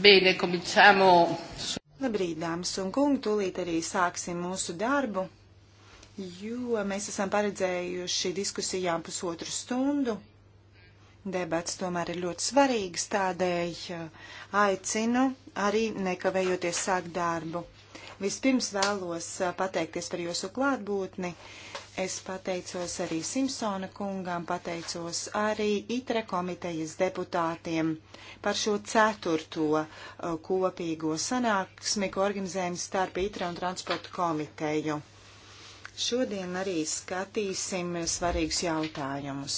Bene, cominciamo. Labrīt, dāmas un kungi, tūlīt arī sāksim mūsu darbu, jo mēs esam paredzējuši diskusijām pusotru stundu. Debats tomēr ir ļoti svarīgs, tādēļ uh, aicinu arī nekavējoties sākt darbu. Vispirms vēlos uh, pateikties par jūsu klātbūtni. Es pateicos arī Simpsona kungām, pateicos arī ITRE komitejas deputātiem par šo ceturto uh, kopīgo sanāksmi, ko organizējam starp ITRE un transportu komiteju. Šodien arī skatīsim svarīgus jautājumus.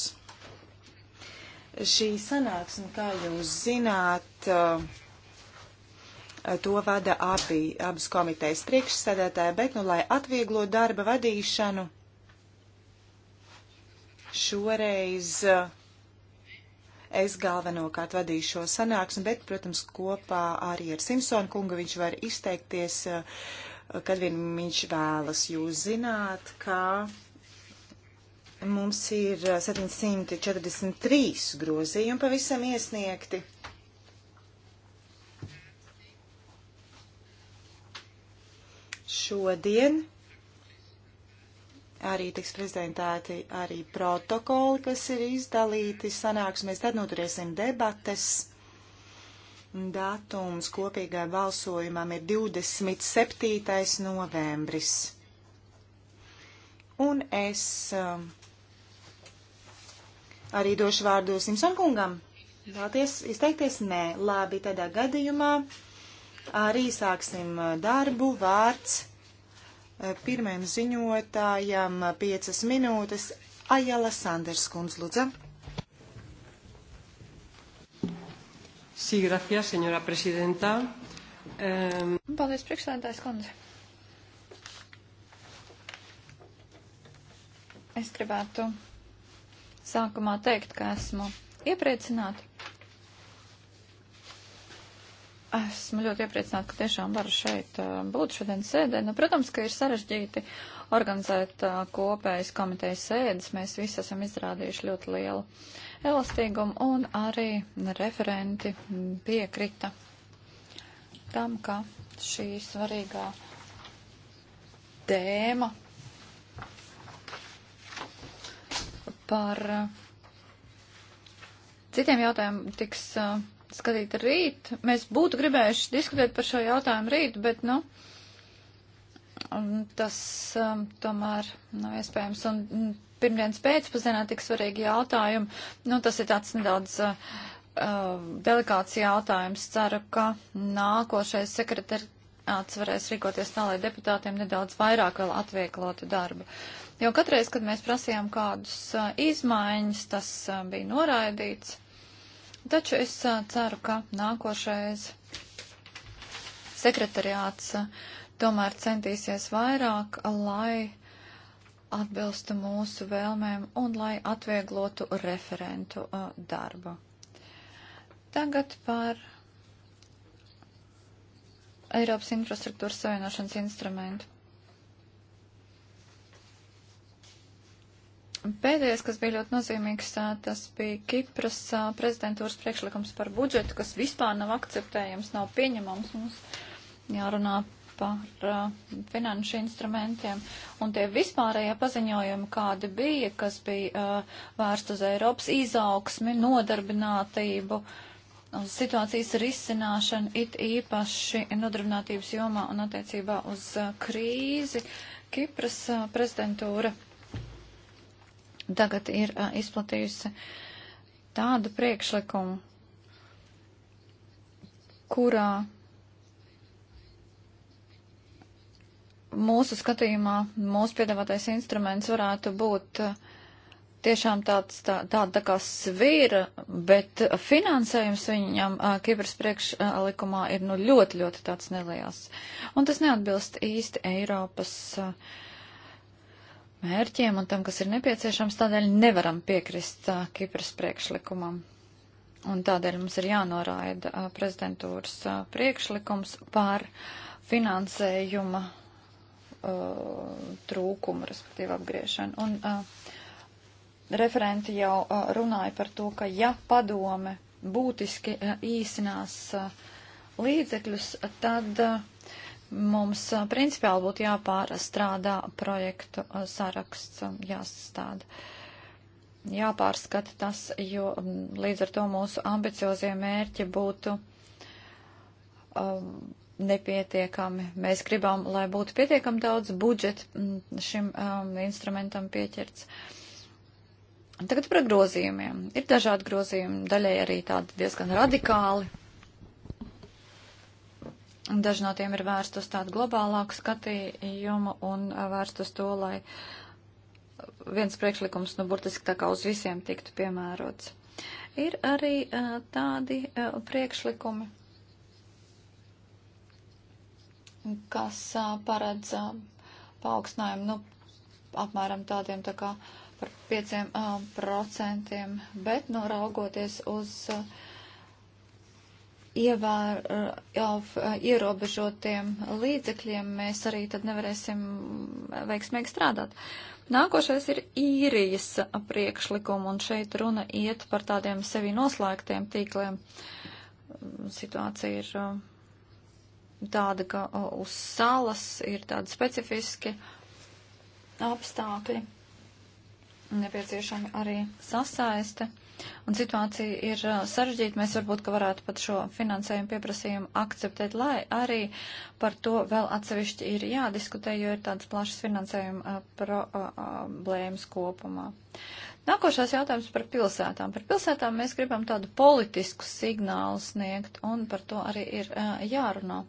Šī sanāksme, kā jūs zināt, uh, to vada abi, abas komitejas priekšsēdētāji, bet, nu, lai atvieglo darba vadīšanu, Šoreiz eh, es galvenokārt vadīšu šo sanāksmi, bet, protams, kopā arī ar Simpsonu kungu viņš var izteikties, eh, kad vien viņš vēlas. Jūs zināt, ka mums ir 743 eh, grozījumi pavisam iesniegti. Šodien arī tiks prezentēti arī protokoli, kas ir izdalīti sanāksmēs, tad noturēsim debates. Datums kopīgai balsojumam ir 27. novembris. Un es um, arī došu vārdu Simsonkungam. Vēlties izteikties? Nē. Labi, tādā gadījumā arī sāksim uh, darbu vārds pirmajam ziņotājam piecas minūtes. Ajala Sanders kundz, lūdzu. Sí, gracias, señora presidenta. Um... Paldies, priekšsēdētājs kundze. Es gribētu sākumā teikt, ka esmu iepriecināta Esmu ļoti iepriecināta, ka tiešām varu šeit eh, būt šodien sēdē. Nu, protams, ka ir sarežģīti organizēt eh, kopējas komitejas sēdes. Mēs visi esam izrādījuši ļoti lielu elastīgumu un arī referenti piekrita tam, ka šī svarīgā tēma par eh, citiem jautājumiem tiks skatīt rīt. Mēs būtu gribējuši diskutēt par šo jautājumu rīt, bet, nu, tas um, tomēr nav iespējams. Un mm, pirmdienas pēcpazienā tik svarīgi jautājumi, nu, tas ir tāds nedaudz. Uh, uh, delikāts jautājums. Ceru, ka nākošais sekretariāts varēs rīkoties tā, lai deputātiem nedaudz vairāk vēl atvieglotu darbu. Jo katreiz, kad mēs prasījām kādus uh, izmaiņas, tas uh, bija noraidīts. Taču es ceru, ka nākošais sekretariāts tomēr centīsies vairāk, lai atbilstu mūsu vēlmēm un lai atvieglotu referentu uh, darbu. Tagad par Eiropas infrastruktūras savienošanas instrumentu. Pēdējais, kas bija ļoti nozīmīgs, tas bija Kipras prezidentūras priekšlikums par budžetu, kas vispār nav akceptējams, nav pieņemams. Mums jārunā par uh, finanšu instrumentiem. Un tie vispārējie paziņojumi, kādi bija, kas bija uh, vērst uz Eiropas izaugsmi, nodarbinātību, uz situācijas risināšanu, it īpaši nodarbinātības jomā un attiecībā uz uh, krīzi, Kipras prezidentūra tagad ir uh, izplatījusi tādu priekšlikumu, kurā mūsu skatījumā mūsu piedāvātais instruments varētu būt tiešām tāds, tā, tāda tā kā svīra, bet finansējums viņam Kipras priekšlikumā ir nu ļoti, ļoti tāds neliels. Un tas neatbilst īsti Eiropas. Uh, mērķiem un tam, kas ir nepieciešams, tādēļ nevaram piekrist uh, Kipras priekšlikumam. Un tādēļ mums ir jānoraida uh, prezidentūras uh, priekšlikums par finansējuma trūkumu, respektīvi apgriešanu. Un referenti jau runāja par to, ka ja padome būtiski īsinās līdzekļus, tad Mums principiāli būtu jāpārstrādā projektu saraksts, jāsastāda. Jāpārskata tas, jo līdz ar to mūsu ambiciozie mērķi būtu um, nepietiekami. Mēs gribam, lai būtu pietiekami daudz budžeta šim um, instrumentam pieķerts. Tagad par grozījumiem. Ir dažādi grozījumi, daļai arī tādi diezgan radikāli. Daži no tiem ir vērst uz tādu globālāku skatījumu un vērst uz to, lai viens priekšlikums, nu, burtiski tā kā uz visiem tiktu piemērots. Ir arī uh, tādi uh, priekšlikumi, kas uh, paredz uh, paaugstinājumu, nu, apmēram tādiem tā kā par 5%, uh, procentiem, bet, nu, raugoties uz. Uh, ievēr, eh, jau eh, ierobežotiem līdzekļiem mēs arī tad nevarēsim eh, veiksmīgi strādāt. Nākošais ir īrijas priekšlikuma, un šeit runa iet par tādiem sevi noslēgtiem tīkliem. Mm, situācija ir tāda, ka uz salas ir tādi specifiski apstākļi, nepieciešami arī sasaiste Un situācija ir sarežģīta. Mēs varbūt, ka varētu pat šo finansējumu pieprasījumu akceptēt, lai arī par to vēl atsevišķi ir jādiskutē, jo ir tādas plašas finansējuma problēmas kopumā. Nākošais jautājums par pilsētām. Par pilsētām mēs gribam tādu politisku signālu sniegt, un par to arī ir jārunā.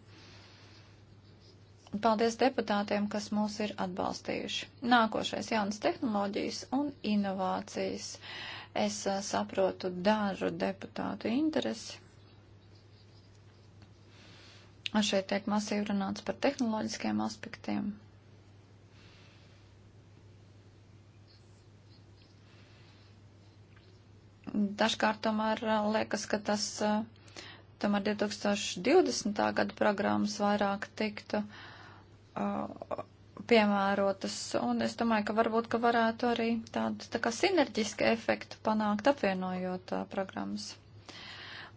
Paldies deputātiem, kas mūs ir atbalstījuši. Nākošais jaunas tehnoloģijas un inovācijas. Uh, Es eh, saprotu dažu deputātu interesi. Šeit tiek masīvi runāts par tehnoloģiskiem aspektiem. Dažkārt tomēr eh, liekas, ka tas eh, tomēr 2020. gada programmas vairāk tiktu uh, piemērotas, un es domāju, ka varbūt, ka varētu arī tādu tā kā sinerģisku efektu panākt, apvienojot uh, programmas.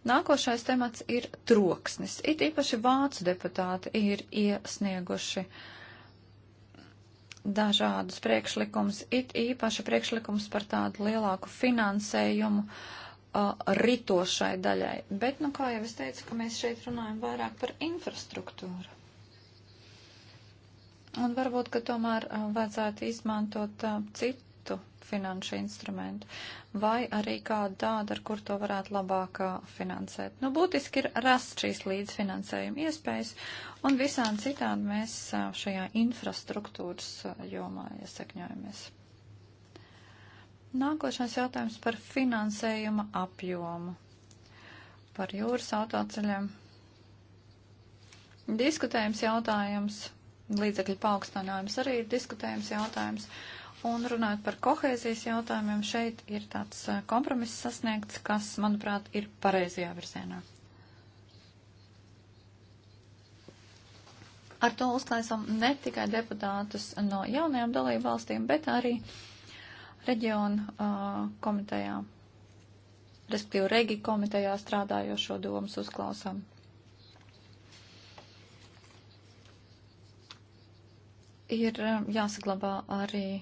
Nākošais temats ir troksnis. It īpaši vācu deputāti ir iesnieguši dažādus priekšlikumus, it īpaši priekšlikums par tādu lielāku finansējumu uh, ritošai daļai. Bet, nu, kā jau es teicu, ka mēs šeit runājam vairāk par infrastruktūru. Un varbūt, ka tomēr uh, vajadzētu izmantot uh, citu finanšu instrumentu vai arī kādu tādu, ar kur to varētu labāk uh, finansēt. Nu, būtiski ir rast šīs līdzfinansējuma iespējas un visām citādi mēs šajā infrastruktūras jomā iesakņojamies. Nākošais jautājums par finansējuma apjomu, par jūras autoceļiem. Diskutējums jautājums līdzekļu paaugstinājums arī ir diskutējums jautājums. Un runājot par kohēzijas jautājumiem, šeit ir tāds kompromiss sasniegts, kas, manuprāt, ir pareizajā virzienā. Ar to uzklausām ne tikai deputātus no jaunajām dalību valstīm, bet arī reģionu uh, komitejā, respektīvi regi komitejā strādājošo domas uzklausām. ir um, jāsaglabā arī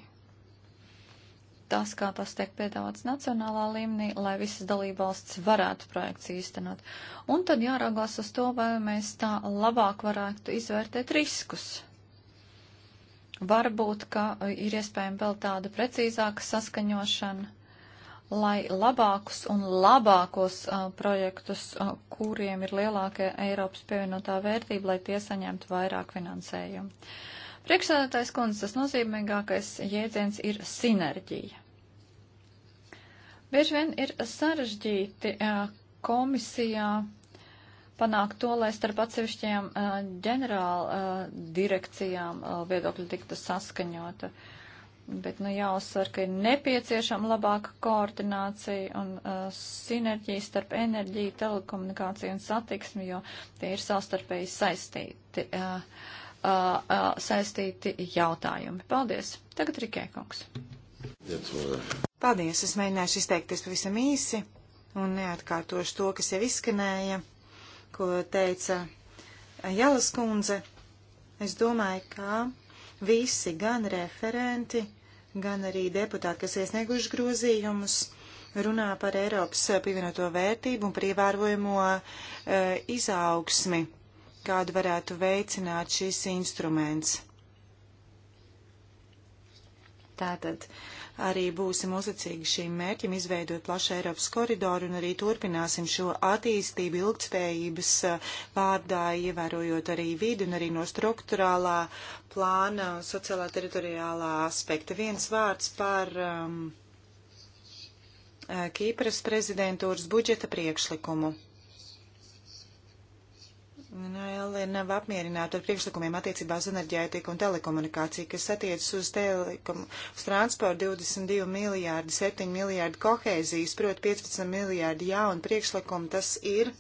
tas, kā tas tiek piedāvāts nacionālā līmenī, lai visas dalībvalsts varētu projekts īstenot. Un tad jāraugās uz to, vai mēs tā labāk varētu izvērtēt riskus. Varbūt, ka uh, ir iespējama vēl tāda precīzāka saskaņošana, lai labākus un labākos uh, projektus, uh, kuriem ir lielāka Eiropas pievienotā vērtība, lai tie saņemtu vairāk finansējumu. Uh, Priekšsēdētājs kundze, tas nozīmīgākais jēdziens ir sinerģija. Bieži vien ir sarežģīti komisijā panākt to, lai starp atsevišķajām ģenerāla direkcijām viedokļi tiktu saskaņota. Bet nu, jāuzsver, ka ir nepieciešama labāka koordinācija un uh, sinerģija starp enerģiju, telekomunikāciju un satiksmi, jo tie ir savstarpēji saistīti. Uh, uh, uh, saistīti jautājumi. Paldies! Tagad Rikē kungs. Paldies! Es mēģināšu izteikties pavisam īsi un neatkārtošu to, kas jau izskanēja, ko teica Jālas kundze. Es domāju, ka visi gan referenti, gan arī deputāti, kas iesnieguši grozījumus, runā par Eiropas pievienoto vērtību un par ievērojamo uh, izaugsmi kādu varētu veicināt šis instruments. Tātad arī būsim uzticīgi šīm mērķim izveidot plašu Eiropas koridoru un arī turpināsim šo attīstību ilgtspējības eh, vārdā, ievērojot arī vidi un arī no struktūrālā plāna un sociālā teritoriālā aspekta. Viens vārds par um, eh, Kīpras prezidentūras budžeta priekšlikumu. Nēlē nav apmierināta ar priekšlikumiem attiecībā uz enerģētiku un telekomunikāciju, kas attiecas uz, telekom, uz transportu 22 miljārdi, 7 miljārdi kohēzijas, proti 15 miljārdi jaunu priekšlikumu. Tas ir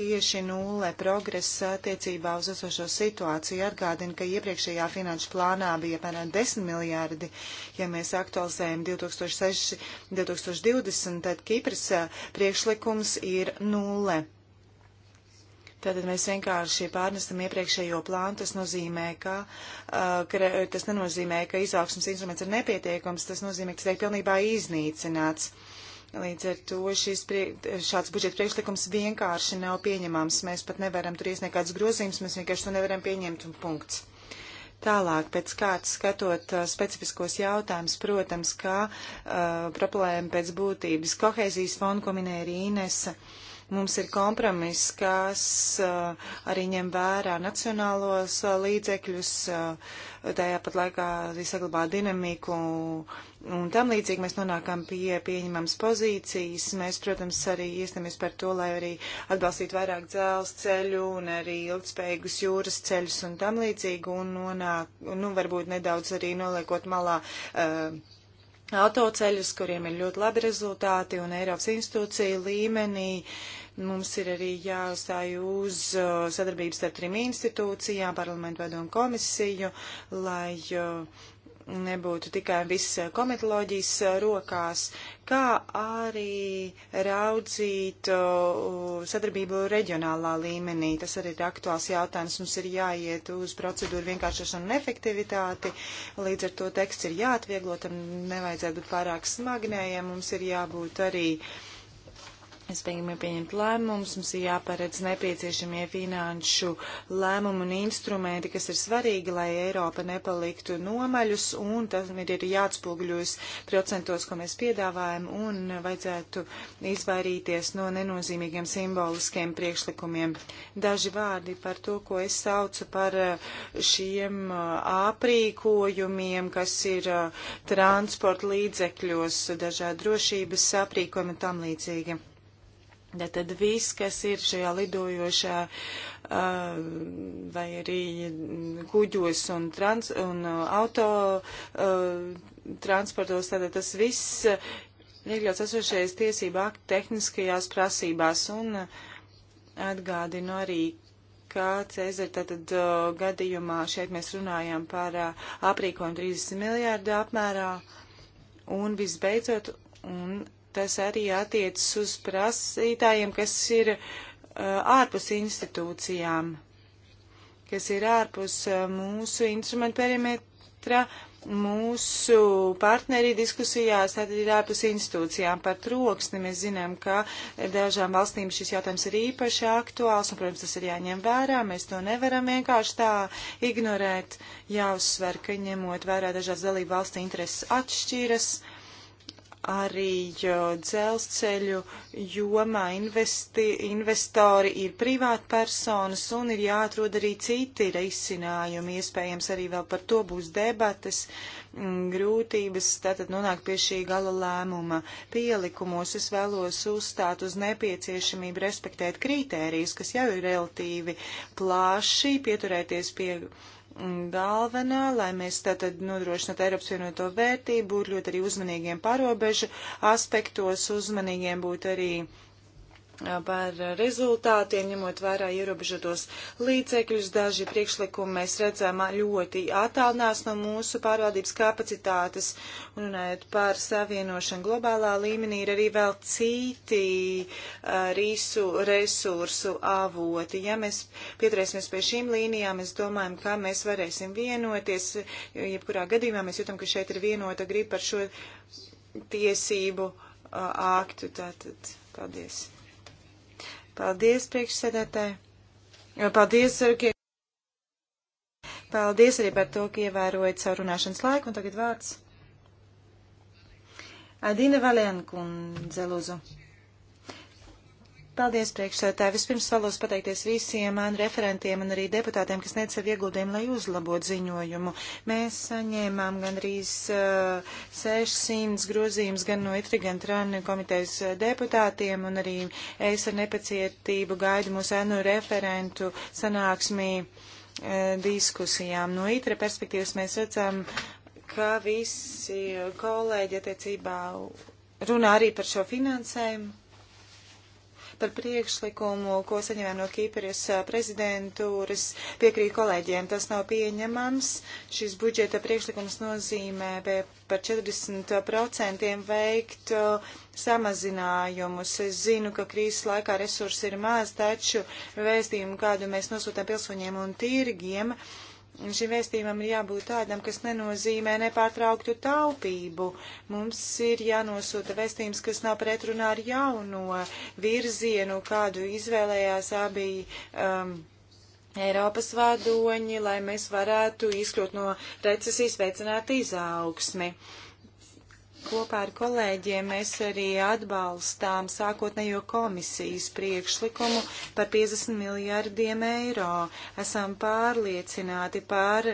tieši nulle progresa attiecībā uz esošo situāciju. Atgādina, ka iepriekšējā finanšu plānā bija apmēram 10 miljārdi. Ja mēs aktualizējam 2006, 2020, tad Kipras eh, priekšlikums ir nulle. Tātad mēs vienkārši pārnestam iepriekšējo plānu. Tas nozīmē, ka, uh, ka tas nenozīmē, ka izaugsmas instruments ir nepietiekams, tas nozīmē, ka tas tiek pilnībā iznīcināts. Līdz ar to šis prie, šāds budžeta priekšlikums vienkārši nav pieņemams. Mēs pat nevaram tur iesniegt kādus grozījumus, mēs vienkārši to nevaram pieņemt un punkts. Tālāk, pēc kārtas skatot uh, specifiskos jautājumus, protams, kā uh, problēma pēc būtības kohēzijas fonda, ko minēja arī Inese. Uh, Mums ir kompromiss, kas uh, arī ņem vērā nacionālos uh, līdzekļus, uh, tajā pat laikā saglabā dinamiku un tam līdzīgi mēs nonākam pie pieņemams pozīcijas. Mēs, protams, arī iestamies par to, lai arī atbalstītu vairāk dzelzceļu un arī ilgspējīgus jūras ceļus un tam līdzīgi un nonāk, nu, varbūt nedaudz arī noliekot malā. Uh, autoceļus, kuriem ir ļoti labi rezultāti, un Eiropas institūcija līmenī mums ir arī jāuzstāj uz uh, sadarbības starp trim institūcijām, parlamentu vedu un komisiju, lai uh, nebūtu tikai viss eh, komitoloģijas eh, rokās, kā arī raudzīt eh, sadarbību reģionālā līmenī. Tas arī ir aktuāls jautājums. Mums ir jāiet uz procedūru vienkāršošanu un efektivitāti. Līdz ar to teksts ir jāatvieglo, tam nevajadzētu būt pārāk smagnējiem. Mums ir jābūt arī uh, Mēs spējam pieņemt lēmumus, mums ir jāparedz nepieciešamie finanšu lēmumi un instrumenti, kas ir svarīgi, lai Eiropa nepaliktu nomaļus, un tas ir jāatspūgļojas procentos, ko mēs piedāvājam, un vajadzētu izvairīties no nenozīmīgiem simboliskiem priekšlikumiem. Daži vārdi par to, ko es saucu par eh, šiem eh, aprīkojumiem, kas ir eh, transporta līdzekļos, dažādi drošības aprīkojumi un tam līdzīgi. Ja tad viss, kas ir šajā lidojošā uh, vai arī kuģos un, trans, un auto uh, transportos, tad tas viss iekļauts esošais tiesību aktu tehniskajās prasībās un atgādinu arī, kā Cēzara tātad uh, gadījumā šeit mēs runājam par aprīkojumu 30 miljārdu apmērā un visbeidzot un tas arī attiecas uz prasītājiem, kas ir uh, ārpus institūcijām, kas ir ārpus uh, mūsu instrumentu perimetra, mūsu partneri diskusijās, tad ir ārpus institūcijām par troksni. Mēs zinām, ka dažām valstīm šis jautājums ir īpaši aktuāls, un, protams, tas ir jāņem vērā. Mēs to nevaram vienkārši tā ignorēt. Jāuzsver, ka ņemot vērā dažās dalību valstu intereses atšķiras arī dzelzceļu jomā investi, investori ir privātpersonas un ir jāatrod arī citi risinājumi. Iespējams, arī vēl par to būs debates, mm, grūtības, tātad nonāk pie šī gala lēmuma. Pielikumos es vēlos uzstāt uz nepieciešamību respektēt kritērijus, kas jau ir relatīvi plāši, pieturēties pie galvenā, lai mēs tātad nodrošinātu Eiropas vienoto vērtību, būt ļoti arī uzmanīgiem pārobežu aspektos, uzmanīgiem būt arī uh, par rezultātiem, ņemot vērā ierobežotos līdzekļus. Daži priekšlikumi mēs redzam ļoti attālinās no mūsu pārvaldības kapacitātes. Un runājot par savienošanu globālā līmenī, ir arī vēl citi uh, risu, resursu avoti. Ja mēs pieturēsimies pie šīm līnijām, mēs domājam, kā mēs varēsim vienoties. Jebkurā gadījumā mēs jūtam, ka šeit ir vienota grib par šo tiesību uh, aktu. Tātad, paldies. Paldies, priekšsēdētāji. Paldies, Sergei. Eh, Paldies arī par to, ka ievērojat savu runāšanas laiku. Un tagad vārds. Adina Valēnkundze, lūdzu. Paldies, priekšsētāji. Vispirms vēlos pateikties visiem man referentiem un arī deputātiem, kas nec savu ieguldījumu, lai uzlabotu ziņojumu. Mēs saņēmām gandrīz uh, 600 grozījumus gan no ITRI, gan TRAN komitejas uh, deputātiem, un arī es ar nepacietību gaidu mūsu ēnu referentu sanāksmī uh, diskusijām. No ITRI perspektīvas mēs redzam, ka visi kolēģi attiecībā runā arī par šo finansējumu par priekšlikumu, ko saņemam no Kīperes prezidentūras. Piekrīt kolēģiem, tas nav pieņemams. Šis budžeta priekšlikums nozīmē par 40% veikt samazinājumus. Es zinu, ka krīzes laikā resursi ir maz, taču vēstījumu, kādu mēs nosūtām pilsoņiem un tirgiem, uh, šim vēstījumam ir jābūt tādam, kas nenozīmē nepārtrauktu taupību. Mums ir jānosūta vēstījums, kas nav pretrunā ar jauno virzienu, kādu izvēlējās abi. Um, Eiropas vadoņi, lai mēs varētu izkļūt no recesijas, veicināt izaugsmi. Uh, Kopā ar kolēģiem mēs arī atbalstām sākotnējo komisijas priekšlikumu par 50 miljārdiem eiro. Esam pārliecināti par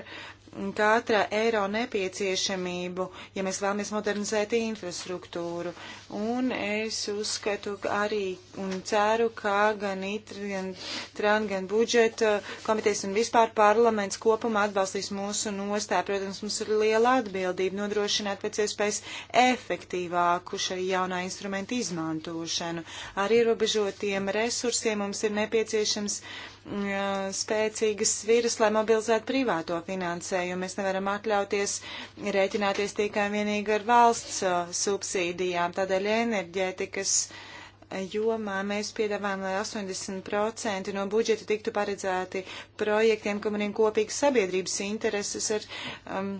katra eiro nepieciešamību, ja mēs vēlamies modernizēt infrastruktūru. Un es uzskatu arī un ceru, ka gan ITR, gan TRAN, gan budžeta komitejas un vispār parlaments kopumā atbalstīs mūsu nostāju. Protams, mums ir liela atbildība nodrošināt pēc iespējas efektīvāku šai jaunā instrumenta izmantošanu. Ar ierobežotiem resursiem mums ir nepieciešams uh, spēcīgas sviras, lai mobilizētu privāto finansējumu. Mēs nevaram atļauties rēķināties tikai vienīgi ar valsts subsīdijām. Tādēļ enerģētikas jomā mēs piedāvājam, lai 80% no budžeta tiktu paredzēti projektiem, kam ir kopīgas sabiedrības intereses ar. Um,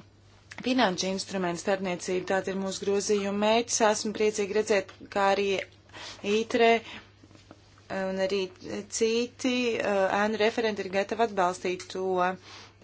Finanšu instrumentu starpniecība, tāda ir mūsu grozījuma mērķis. Esmu priecīgi redzēt, kā arī ITRE un arī citi eh, ēnu referenti ir gatavi atbalstīt to.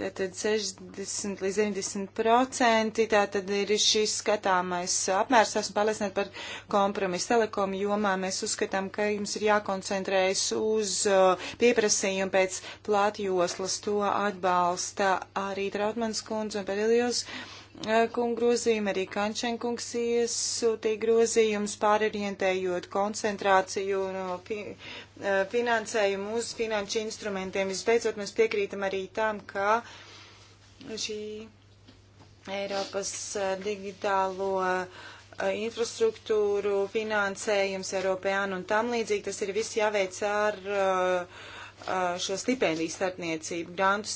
Tātad 60 līdz 90 procenti, tātad ir šis skatāmais apmērs, esmu pārliecināta par kompromisu telekomu jomā. Mēs uzskatām, ka jums ir jākoncentrējas uz eh, pieprasījumu pēc plātjoslas, to atbalsta arī Trautmans kundze un Perilijos. Uh, Eh, kungu grozījumi, arī Kančenkungs iesūtīja grozījumus pārorientējot koncentrāciju un no fi, eh, finansējumu uz finanšu instrumentiem. Visbeidzot, mēs piekrītam arī tam, ka šī Eiropas eh, digitālo infrastruktūru finansējums Eiropēnu un tam līdzīgi tas ir viss jāveic ar uh, šo stipendiju starpniecību, grantu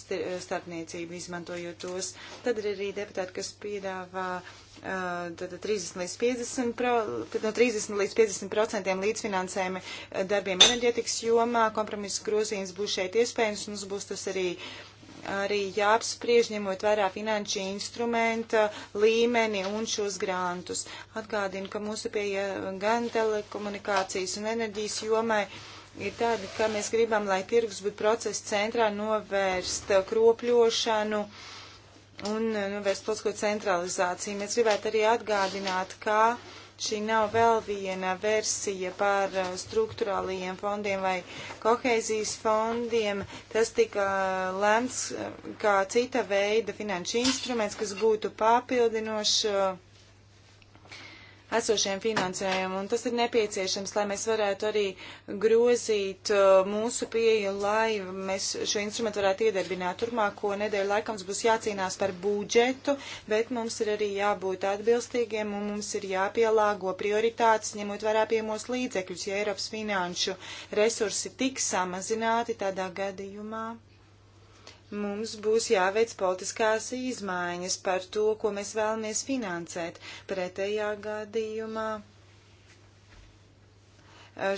starpniecību, izmantojot tos. Tad ir arī deputāti, kas piedāvā tad 30 līdz 50, pro, no 30 līdz 50 procentiem līdzfinansējumi darbiem enerģetikas jomā. Kompromiss grozījums būs šeit iespējams, un mums būs tas arī, arī jāapspriež, ņemot vērā finanšu instrumenta līmeni un šos grantus. Atgādinu, ka mūsu pieeja gan telekomunikācijas un enerģijas jomai. Uh, ir tāda, ka mēs gribam, lai tirgus būtu procesa centrā, novērst kropļošanu un eh, novērst politisko centralizāciju. Mēs gribētu arī atgādināt, ka šī nav vēl viena versija par eh, struktūrālajiem fondiem vai koheizijas fondiem. Tas tika eh, lemts kā cita veida finanšu instruments, kas būtu papildinošs esošiem finansējumu, un tas ir nepieciešams, lai mēs varētu arī grozīt uh, mūsu pieeju, lai mēs šo instrumentu varētu iedarbināt. Turmāko nedēļu laikā mums būs jācīnās par budžetu, bet mums ir arī jābūt atbilstīgiem, un mums ir jāpielāgo prioritātes, ņemot vērā piemos līdzekļus, ja Eiropas finanšu resursi tiks samazināti tādā gadījumā mums būs jāveic politiskās izmaiņas par to, ko mēs vēlamies finansēt. Pretējā gadījumā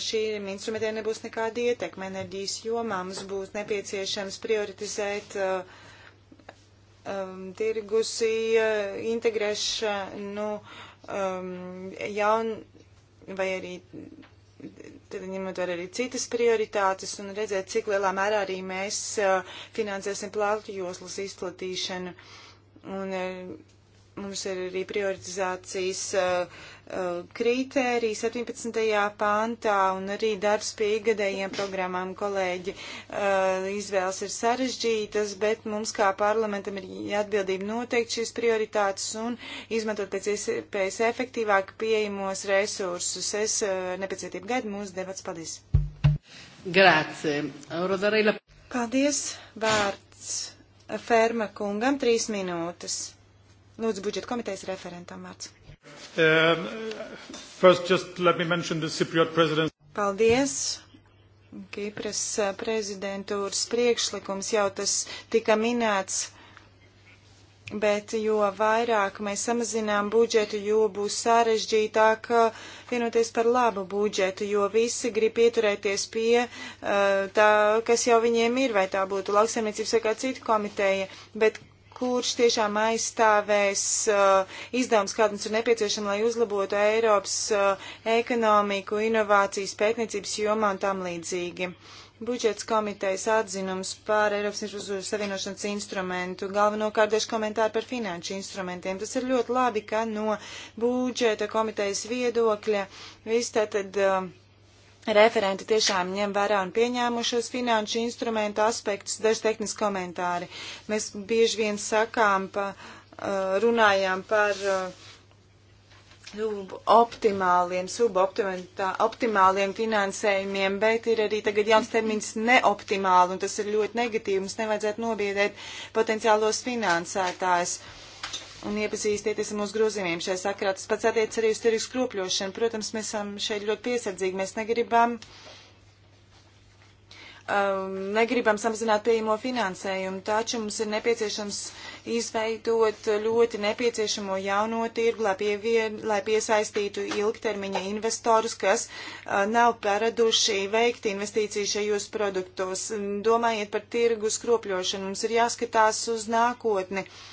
šīm instrumentiem nebūs nekāda ietekme enerģijas jomā. Mums būs nepieciešams prioritizēt uh, um, tirgus uh, integrēšanu um, jaun vai arī Tad ņemot vērā arī citas prioritātes un redzēt, cik lielā mērā arī mēs uh, finansēsim platjoslas izplatīšanu. Un uh, mums ir arī prioritizācijas uh, Uh, kritēriju 17. pāntā un arī darbs pie igadējiem programmām. Kolēģi, uh, izvēles ir sarežģītas, bet mums kā parlamentam ir atbildība noteikt šīs prioritātes un izmantot pēc iespējas efektīvāk pieejamos resursus. Es uh, nepacietību gaidu mūsu debats. Paldies! Grācie! La... Paldies! Vārds Ferma kungam trīs minūtes. Lūdzu, budžeta komitejas referentam vārds. Um, first, just let me mention the Cypriot presidency. Paldies. Kipras uh, prezidentūras priekšlikums jau tas tika minēts, bet jo vairāk mēs samazinām budžetu, jo būs sarežģītāk uh, vienoties par labu budžetu, jo visi grib pieturēties pie uh, tā, kas jau viņiem ir, vai tā būtu lauksaimniecības vai kā cita komiteja, bet kurš tiešām aizstāvēs uh, izdevums, kāda mums ir nepieciešama, lai uzlabotu Eiropas uh, ekonomiku, inovācijas, pētniecības jomā un tam līdzīgi. Budžets komitejas atzinums par Eiropas infrastruktūras savienošanas instrumentu, galvenokārt daži komentāri par finanšu instrumentiem. Tas ir ļoti labi, ka no budžeta komitejas viedokļa viss tātad. Uh, Referenti tiešām ņem vērā un pieņēmušos finanšu instrumentu aspektus, daži tehniski komentāri. Mēs bieži vien sakām, pa, uh, runājām par uh, optimāliem, suboptimāliem finansējumiem, bet ir arī tagad jauns termins neoptimāli, un tas ir ļoti negatīvi. Mums nevajadzētu nobiedēt potenciālos finansētājus. Uh, un iepazīstieties ar mūsu grozījumiem šajā sakarā. Tas pats attiec arī uz tirgus kropļošanu. Protams, mēs esam šeit ļoti piesardzīgi. Mēs negribam, um, negribam samazināt pieejamo finansējumu, taču mums ir nepieciešams izveidot ļoti nepieciešamo jauno tirgu, lai, pievien, lai piesaistītu ilgtermiņa investorus, kas uh, nav paraduši veikt investīciju šajos produktos. Domājiet par tirgus kropļošanu. Mums ir jāskatās uz nākotni. Uh,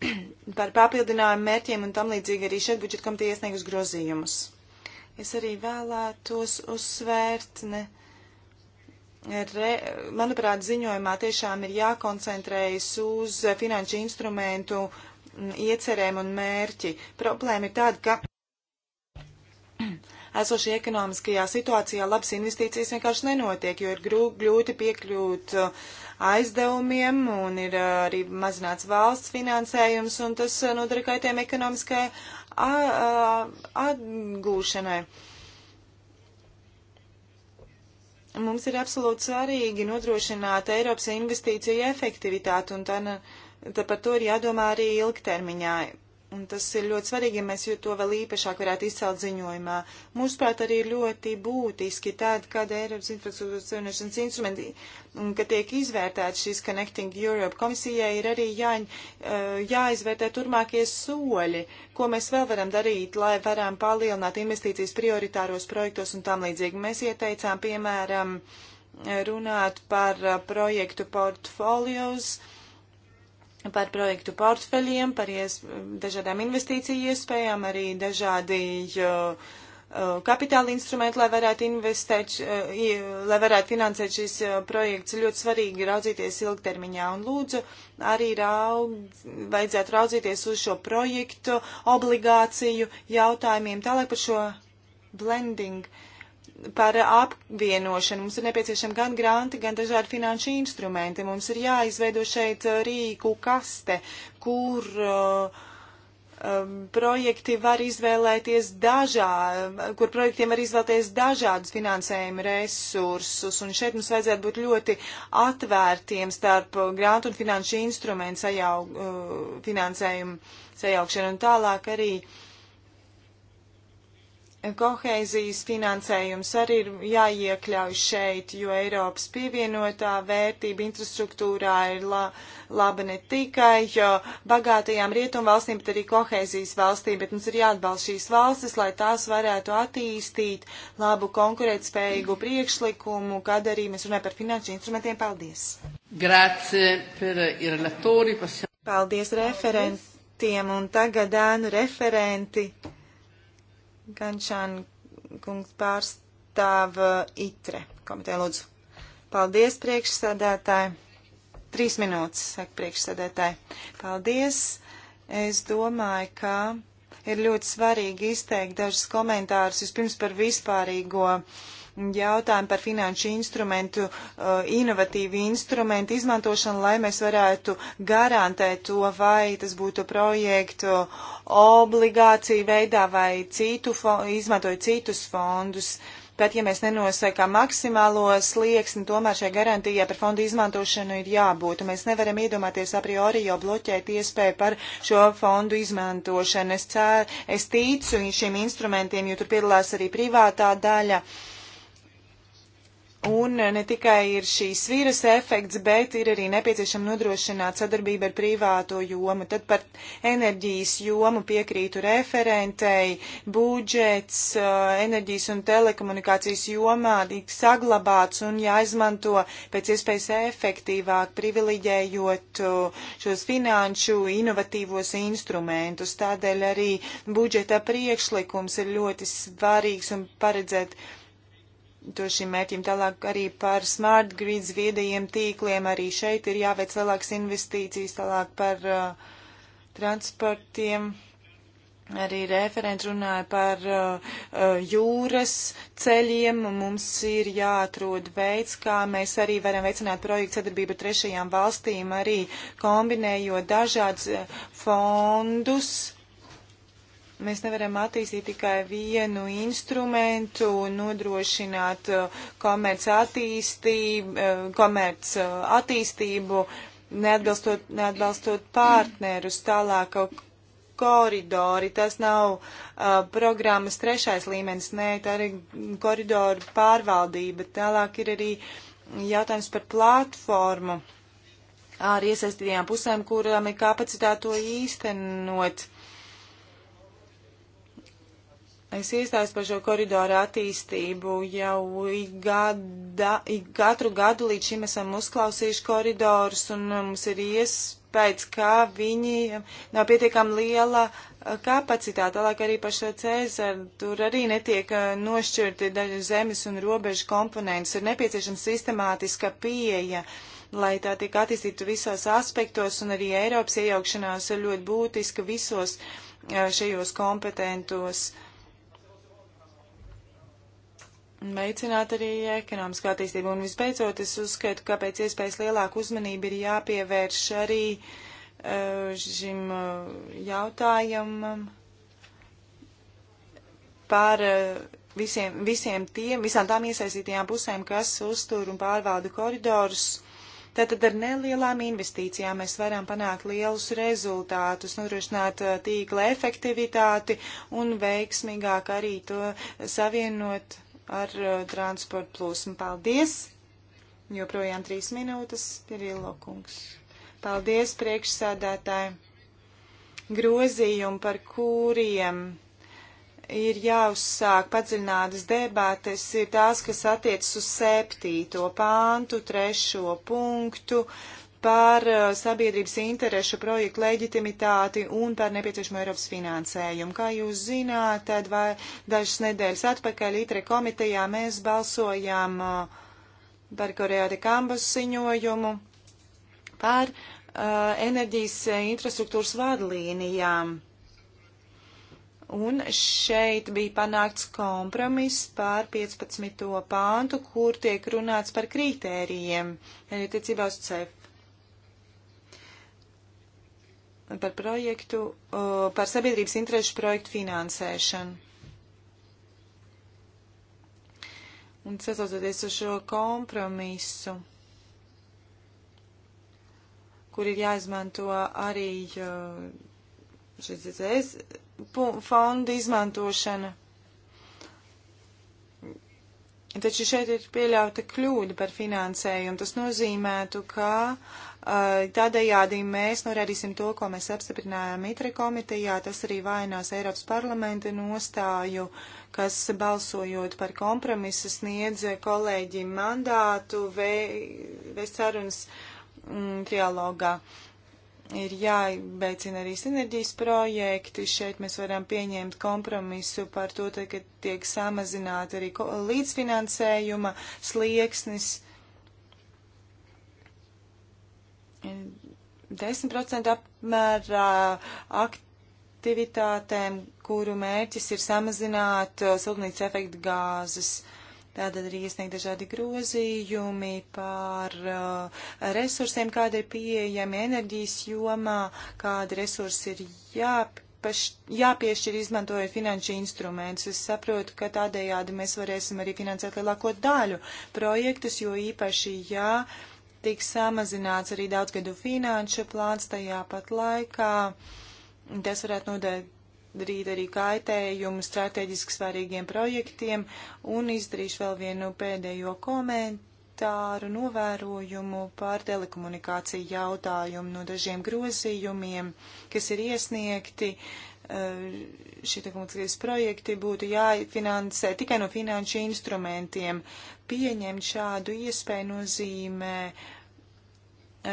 par papildinājumu mērķiem un tam līdzīgi arī šeit budžeta komiteja iesniegus grozījumus. Es arī vēlētos uzsvērt, ne, re, manuprāt, ziņojumā tiešām ir jākoncentrējas uz finanšu instrumentu iecerēm un mērķi. Problēma ir tāda, ka esošajā ekonomiskajā situācijā labas investīcijas vienkārši nenotiek, jo ir grūti piekļūt aizdevumiem un ir uh, arī mazināts valsts finansējums, un tas uh, nodara kaitējumu ekonomiskai atgūšanai. Mums ir absolūti svarīgi nodrošināt Eiropas investīciju efektivitāti, un tā, tā par to ir jādomā arī ilgtermiņā. Un tas ir ļoti svarīgi, ja mēs to vēl īpašāk varētu izcelt ziņojumā. Mūsuprāt, arī ļoti būtiski tāda, kāda Eiropas infrastruktūras savienošanas instrumenti, un mm, ka tiek izvērtēta šīs Connecting Europe komisijai, ir arī jā, eh, jāizvērtē turmākie soļi, ko mēs vēl varam darīt, lai varam palielināt investīcijas prioritāros projektos un tam līdzīgi. Mēs ieteicām, piemēram, runāt par eh, projektu portfolios. Uh, par projektu portfeļiem, par ies, dažādām investīciju iespējām, arī dažādi uh, uh kapitāla instrumenti, lai varētu investēt, uh, lai varētu finansēt šis uh, projekts. Ļoti svarīgi raudzīties ilgtermiņā un lūdzu arī raudz, vajadzētu raudzīties uz šo projektu obligāciju jautājumiem. Tālāk par šo blending. Uh, par apvienošanu. Mums ir nepieciešami gan granti, gan dažādi finanšu instrumenti. Mums ir jāizveido šeit uh, rīku kaste, kur uh, um, projekti var izvēlēties dažā, um, kur projektiem var izvēlēties dažādus finansējuma resursus, un šeit mums vajadzētu būt ļoti atvērtiem starp grāntu un finanšu instrumentu sajaug, uh, finansējumu sajaukšanu, un tālāk arī uh, Koheizijas finansējums arī ir jāiekļauj šeit, jo Eiropas pievienotā vērtība infrastruktūrā ir la, laba ne tikai bagātajām rietumvalstīm, bet arī koheizijas valstīm, bet mums ir jāatbalsta šīs valstis, lai tās varētu attīstīt labu konkurētspējīgu priekšlikumu, kad arī mēs runājam par finanšu instrumentiem. Paldies! Paldies referentiem un tagad ēnu referenti. Gančāna kungs pārstāv ITRE komiteja. Lūdzu. Paldies, priekšsēdētāji. Trīs minūtes, saka priekšsēdētāji. Paldies. Es domāju, ka ir ļoti svarīgi izteikt dažus komentārus vispirms par vispārīgo uh, jautājumu par finanšu instrumentu, uh, inovatīvu instrumentu izmantošanu, lai mēs varētu garantēt to, vai tas būtu projektu obligāciju veidā vai citu, izmantojot citus fondus. Pat ja mēs nenosakām maksimālo slieksni, tomēr šai garantijai par fondu izmantošanu ir jābūt. Mēs nevaram iedomāties a priori jau bloķēt iespēju par šo fondu izmantošanu. Es, cēr, es ticu šiem instrumentiem, jo tur piedalās arī privātā daļa. Uh, Un eh, ne tikai ir šīs vīrus efekts, bet ir arī nepieciešama nodrošināt sadarbību ar privāto jomu. Tad par enerģijas jomu piekrītu referentei, budžets, eh, enerģijas un telekomunikācijas jomā tiek saglabāts un jāizmanto pēc iespējas efektīvāk, privileģējot eh, šos finanšu inovatīvos instrumentus. Tādēļ arī budžeta priekšlikums ir ļoti svarīgs un paredzēt to šim mērķim. Tālāk arī par smart grids viedajiem tīkliem arī šeit ir jāveic lielākas investīcijas, tālāk par uh, transportiem. Arī referents runāja par uh, uh jūras ceļiem, un mums ir jāatrod veids, kā mēs arī varam veicināt projektu sadarbību ar trešajām valstīm, arī kombinējot dažādus uh, fondus Mēs nevaram attīstīt tikai vienu instrumentu un nodrošināt uh, komerc attīstību, uh, komerc uh, attīstību neatbalstot, neatbalstot partnerus tālāk koridori. Tas nav uh, programmas trešais līmenis, nē, tā ir koridoru pārvaldība. Tālāk ir arī jautājums par platformu ar iesaistītajām pusēm, kurām ir kapacitāte to īstenot. Uh, Es iestājos par šo koridoru attīstību jau gada, katru gadu līdz šim esam uzklausījuši koridorus un uh, mums ir iespējas, ka viņi um, nav pietiekami liela uh, kapacitāte. Tālāk arī par šo Cēzaru tur arī netiek uh, nošķirti daļu zemes un robežu komponentus. Ir nepieciešama sistemātiska pieeja lai tā tiek attīstīta visos aspektos, un arī Eiropas iejaukšanās ir ļoti būtiska visos šajos kompetentos uh, veicināt arī ekonomisko attīstību. Un visbeidzot, es uzskatu, ka pēc iespējas lielāku uzmanību ir jāpievērš arī eh, šim eh, jautājumam par eh, visiem, visiem tiem, visām tām iesaistītajām pusēm, kas uztur un pārvalda koridorus. Tātad ar nelielām investīcijām mēs varam panākt lielus rezultātus, nodrošināt tīkla efektivitāti un veiksmīgāk arī to savienot ar uh, transportu plūsmu. Paldies! Joprojām trīs minūtes ir ilokungs. Paldies priekšsādātāji! Grozījumi, par kuriem ir jāuzsāk padziļinātas debātes, ir tās, kas attiecas uz septīto pāntu, trešo punktu. Uh, par eh, sabiedrības interešu projektu leģitimitāti un par nepieciešamo Eiropas finansējumu. Kā jūs zināt, tad vai dažas nedēļas atpakaļ ITRE komitejā mēs balsojām eh, par Korejā de Kambas ziņojumu par uh, enerģijas infrastruktūras vadlīnijām. Un šeit bija panākts kompromiss pār 15. pāntu, kur tiek runāts par kritērijiem, attiecībā uz CEF par projektu, uh, par sabiedrības interešu projektu finansēšanu. Un sasaucoties uz šo kompromisu, kur ir jāizmanto arī uh, šis es, fonda izmantošana. Taču šeit ir pieļauta kļūda par finansējumu. Tas nozīmētu, ka uh, Tādējādi mēs norādīsim to, ko mēs apstiprinājām Mitre komitejā. Tas arī vainās Eiropas parlamenta nostāju, kas balsojot par kompromisu sniedz kolēģim mandātu vēst sarunas mm, trialogā. Ir jābeicina arī sinerģijas projekti. Šeit mēs varam pieņemt kompromisu par to, ka tiek samazināta arī līdzfinansējuma slieksnis 10% apmērā aktivitātēm, kuru mērķis ir samazināt uh, siltumnīca efekta gāzes. Tātad arī iesniegt dažādi grozījumi par uh, resursiem, kāda ir pieejama enerģijas jomā, kāda resursi ir jāpieejama paš, jāpiešķir izmantojot finanšu instrumentus. Es saprotu, ka tādējādi mēs varēsim arī finansēt lielāko daļu projektus, jo īpaši, ja tiks samazināts arī daudzgadu finanšu plāns tajā pat laikā. Tas varētu nodarīt arī kaitējumu strateģiski svarīgiem projektiem un izdarīšu vēl vienu pēdējo komentāru novērojumu par telekomunikāciju jautājumu no dažiem grozījumiem, kas ir iesniegti. Uh, šie tehnoloģijas projekti būtu jāfinansē tikai no finanšu instrumentiem. Pieņemt šādu iespēju nozīmē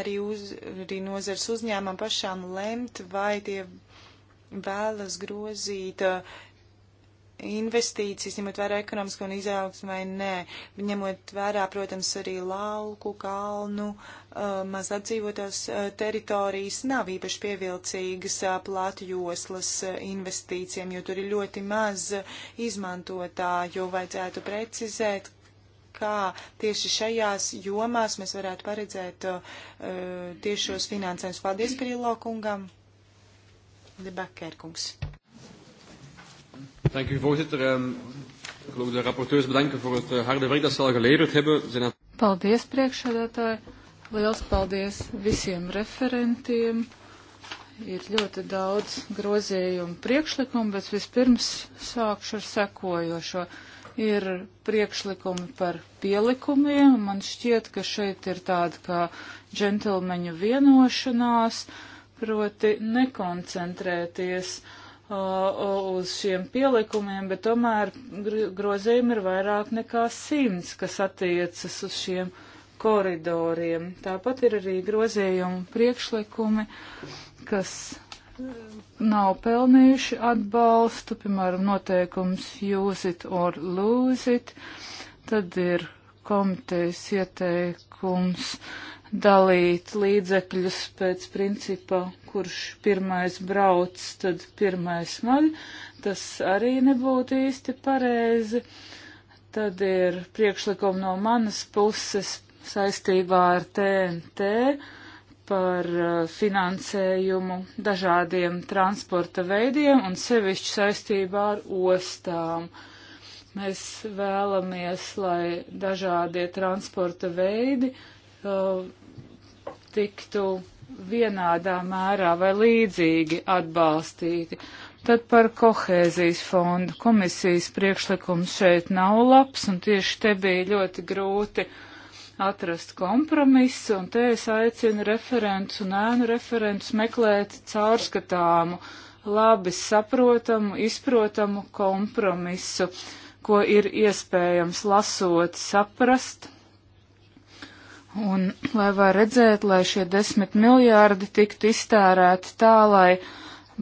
arī, uz, arī nozars uzņēmumam pašām lemt, vai tie vēlas grozīt investīcijas, ņemot vērā ekonomisko un izaugsmai, nē, ņemot vērā, protams, arī lauku, kalnu, uh, maz atdzīvotās uh, teritorijas nav īpaši pievilcīgas uh, platjoslas investīcijiem, jo tur ir ļoti maz izmantotāju, vajadzētu precizēt, kā tieši šajās jomās mēs varētu paredzēt uh, tiešos finansējums. Paldies, Prīlo kungam! Debakērkungs. Dank u voorzitter. Um, ik wil ook de rapporteurs bedanken voor het uh, harde werk dat ze al geleverd hebben. Zijn aan... Paldies priekšsēdētāji. Liels paldies visiem referentiem. Ir ļoti daudz grozījumu priekšlikumu, bet vispirms sākšu ar sekojošo. Ir priekšlikumi par pielikumiem. Man šķiet, ka šeit ir tāda kā džentelmeņu vienošanās, proti nekoncentrēties uh, uz šiem pielikumiem, bet tomēr grozījumi ir vairāk nekā simts, kas attiecas uz šiem koridoriem. Tāpat ir arī grozījumu priekšlikumi, kas e, nav pelnījuši atbalstu, piemēram, noteikums use it or lose it. Tad ir komitejas ieteikums dalīt līdzekļus pēc principa, kurš pirmais brauc, tad pirmais maļ, tas arī nebūtu īsti pareizi. Tad ir priekšlikumi no manas puses saistībā ar TNT par uh, finansējumu dažādiem transporta veidiem un sevišķi saistībā ar ostām. Mēs vēlamies, lai dažādie transporta veidi uh, uh, tiktu vienādā mērā vai līdzīgi atbalstīti. Tad par kohēzijas fondu komisijas priekšlikums šeit nav labs, un tieši te bija ļoti grūti atrast kompromisu, un te es aicinu referents un ēnu referents meklēt caurskatāmu, labi saprotamu, izprotamu kompromisu, ko ir iespējams lasot, saprast Un lai var redzēt, lai šie desmit miljārdi tiktu iztērēti tā, lai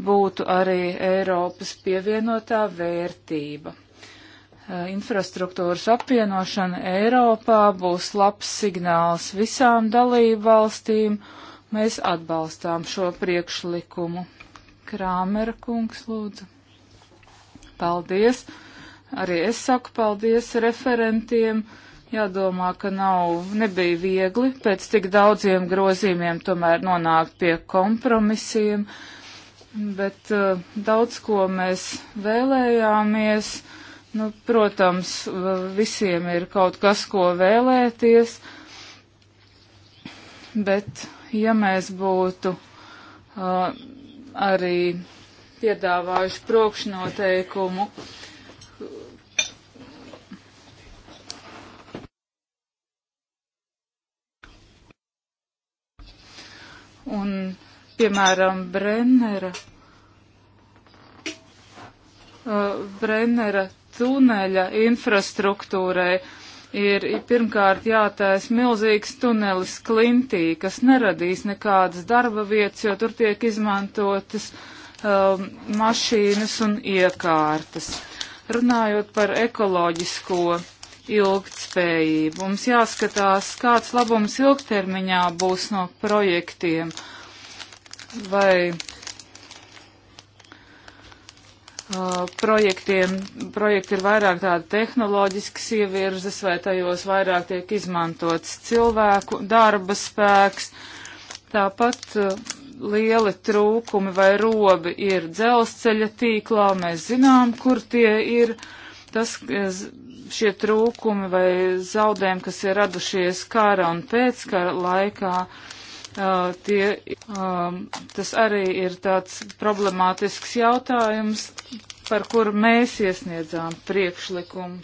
būtu arī Eiropas pievienotā vērtība. Eh, infrastruktūras apvienošana Eiropā būs labs signāls visām dalību valstīm. Mēs atbalstām šo priekšlikumu. Krāmera kungs, lūdzu. Paldies. Arī es saku paldies referentiem Jādomā, ka nav, nebija viegli pēc tik daudziem grozījumiem tomēr nonākt pie kompromisiem, bet uh, daudz ko mēs vēlējāmies. Nu, protams, visiem ir kaut kas, ko vēlēties, bet ja mēs būtu uh, arī piedāvājuši prokšnoteikumu, uh, Un, piemēram, Brennera, uh, Brennera tuneļa infrastruktūrai ir pirmkārt jātais milzīgs tunelis Klintī, kas neradīs nekādas darba vietas, jo tur tiek izmantotas um, mašīnas un iekārtas. Runājot par ekoloģisko ilgtspējību. Mums jāskatās, kāds labums ilgtermiņā būs no projektiem vai uh, projektiem, projekti ir vairāk tādi tehnoloģiskas ievirzes, vai tajos vairāk tiek izmantots cilvēku darba spēks. Tāpat uh, lieli trūkumi vai robi ir dzelzceļa tīklā, mēs zinām, kur tie ir. Tas šie trūkumi vai zaudējumi, kas ir radušies kara un pēckara laikā, uh, tie, uh, tas arī ir tāds problemātisks jautājums, par kuru mēs iesniedzām priekšlikumu.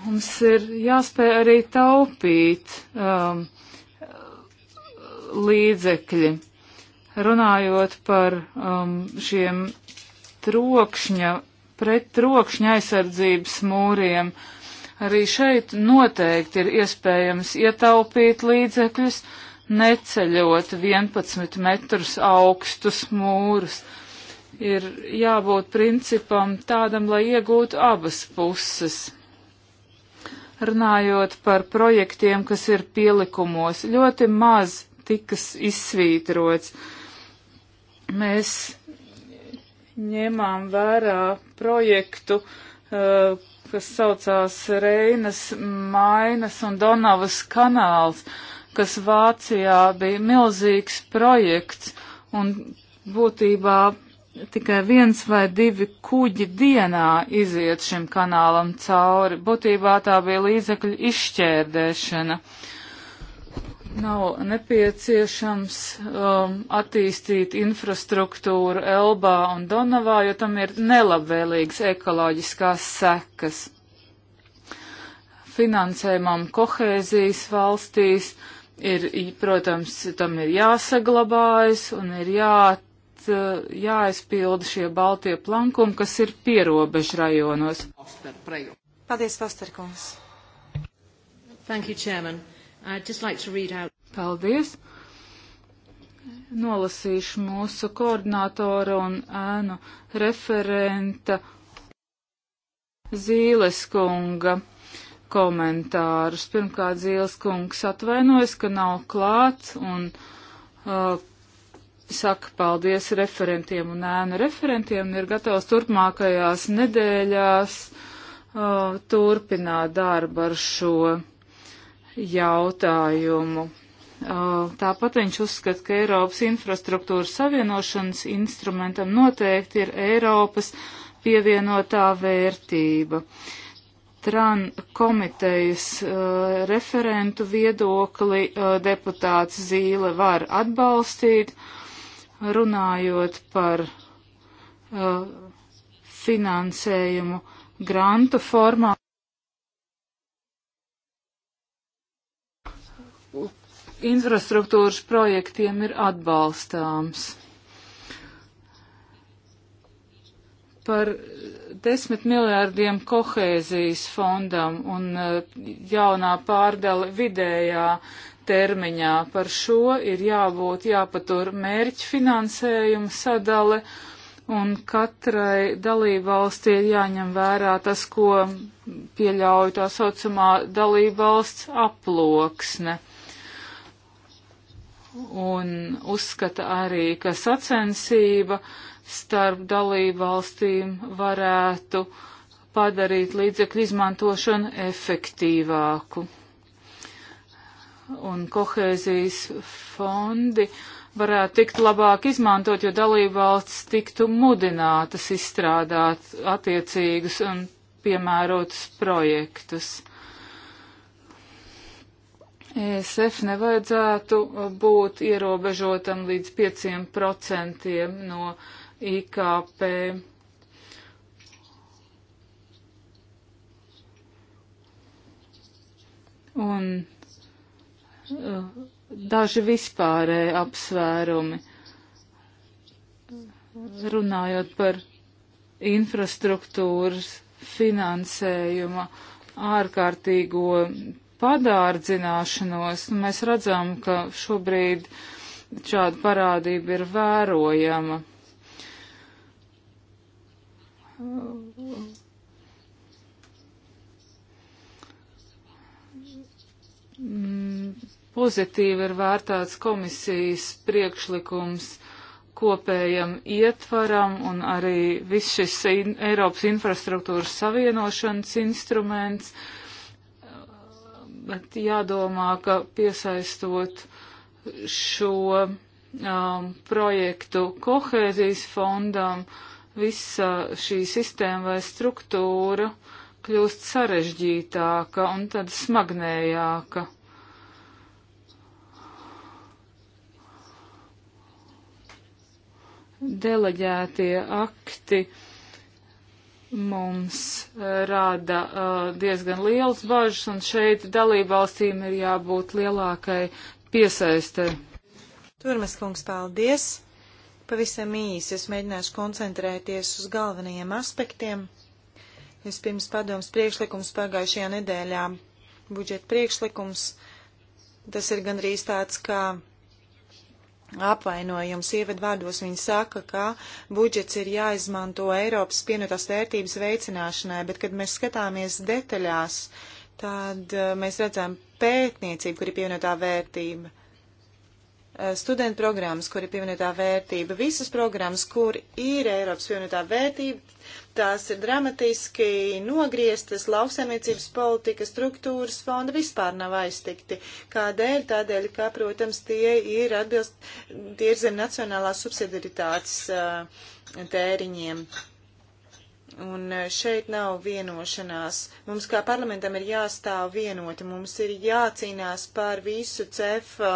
Mums ir jāspēj arī taupīt um, līdzekļi runājot par um, šiem trokšņa, pret trokšņa aizsardzības mūriem. Arī šeit noteikti ir iespējams ietaupīt līdzekļus, neceļot 11 metrus augstus mūrus. Ir jābūt principam tādam, lai iegūtu abas puses runājot par projektiem, kas ir pielikumos, ļoti maz tikas izsvītrots. Mēs ņēmām vērā projektu, eh, kas saucās Reinas Mainas un Donavas kanāls, kas Vācijā bija milzīgs projekts un būtībā tikai viens vai divi kuģi dienā iziet šim kanālam cauri. Būtībā tā bija līdzekļu izšķērdēšana. Uh, nav nepieciešams um, attīstīt infrastruktūru Elbā un Donavā, jo tam ir nelabvēlīgas ekoloģiskās sekas. Finansējumam kohēzijas valstīs ir, protams, tam ir jāsaglabājas un ir jāat, jāaizpilda šie baltie plankumi, kas ir pierobežrajonos. Paldies, Fosterkungs. Thank you, Chairman. I'd just like to read out. Paldies! Nolasīšu mūsu koordinātora un ēnu referenta Zīles kunga komentārus. Pirmkārt, Zīles kungs atvainojas, ka nav klāt un uh, saka paldies referentiem un ēnu referentiem un ir gatavs turpmākajās nedēļās uh, turpināt darbu ar šo jautājumu. Uh, tāpat viņš uzskata, ka Eiropas infrastruktūras savienošanas instrumentam noteikti ir Eiropas pievienotā vērtība. Tran komitejas uh, referentu viedokli uh, deputāts Zīle var atbalstīt, runājot par uh, finansējumu grantu formā. infrastruktūras projektiem ir atbalstāms. Par desmit miljārdiem kohēzijas fondam un eh, jaunā pārdala vidējā termiņā. Par šo ir jābūt jāpatur mērķfinansējuma sadale un katrai dalībvalstī ir jāņem vērā tas, ko pieļauj tā saucamā dalībvalsts aploksne un uzskata arī, ka sacensība starp dalību valstīm varētu padarīt līdzekļu izmantošanu efektīvāku. Un kohēzijas fondi varētu tikt labāk izmantot, jo dalību valsts tiktu mudinātas izstrādāt attiecīgus un piemērotus projektus. ESF nevajadzētu būt ierobežotam līdz 5% no IKP. Un e, daži vispārēji apsvērumi. Runājot par infrastruktūras finansējuma ārkārtīgo padārdzināšanos, un nu, mēs redzam, ka šobrīd šāda parādība ir vērojama. Pozitīvi ir vērtāts komisijas priekšlikums kopējam ietvaram un arī viss šis Eiropas infrastruktūras savienošanas instruments. Uh, bet jādomā, ka piesaistot šo um, projektu kohēzijas fondam, visa šī sistēma vai struktūra kļūst sarežģītāka un tad smagnējāka. Deleģētie akti mums eh, rada uh, eh, diezgan liels bažas, un šeit dalībvalstīm ir jābūt lielākai piesaistē. Turmes kungs, paldies! Pavisam īsi es mēģināšu koncentrēties uz galvenajiem aspektiem. Vispirms padoms priekšlikums pagājušajā nedēļā budžeta priekšlikums. Tas ir gandrīz tāds kā apvainojums. Ievadvārdos viņi saka, ka budžets ir jāizmanto Eiropas pienotās vērtības veicināšanai, bet kad mēs skatāmies detaļās, tad eh, mēs redzam pētniecību, kur ir pievienotā vērtība, eh, studentu programmas, kur ir pievienotā vērtība, visas programmas, kur ir Eiropas pievienotā vērtība, Tās ir dramatiski nogrieztas lauksaimniecības politikas struktūras fonda vispār nav aiztikti. Kādēļ? Tādēļ, ka, protams, tie ir, atbilst, tie ir zem nacionālās subsidiaritātes uh, tēriņiem. Uh, Un e, šeit nav vienošanās. Mums kā parlamentam ir jāstāv vienoti, mums ir jācīnās par visu CEF e,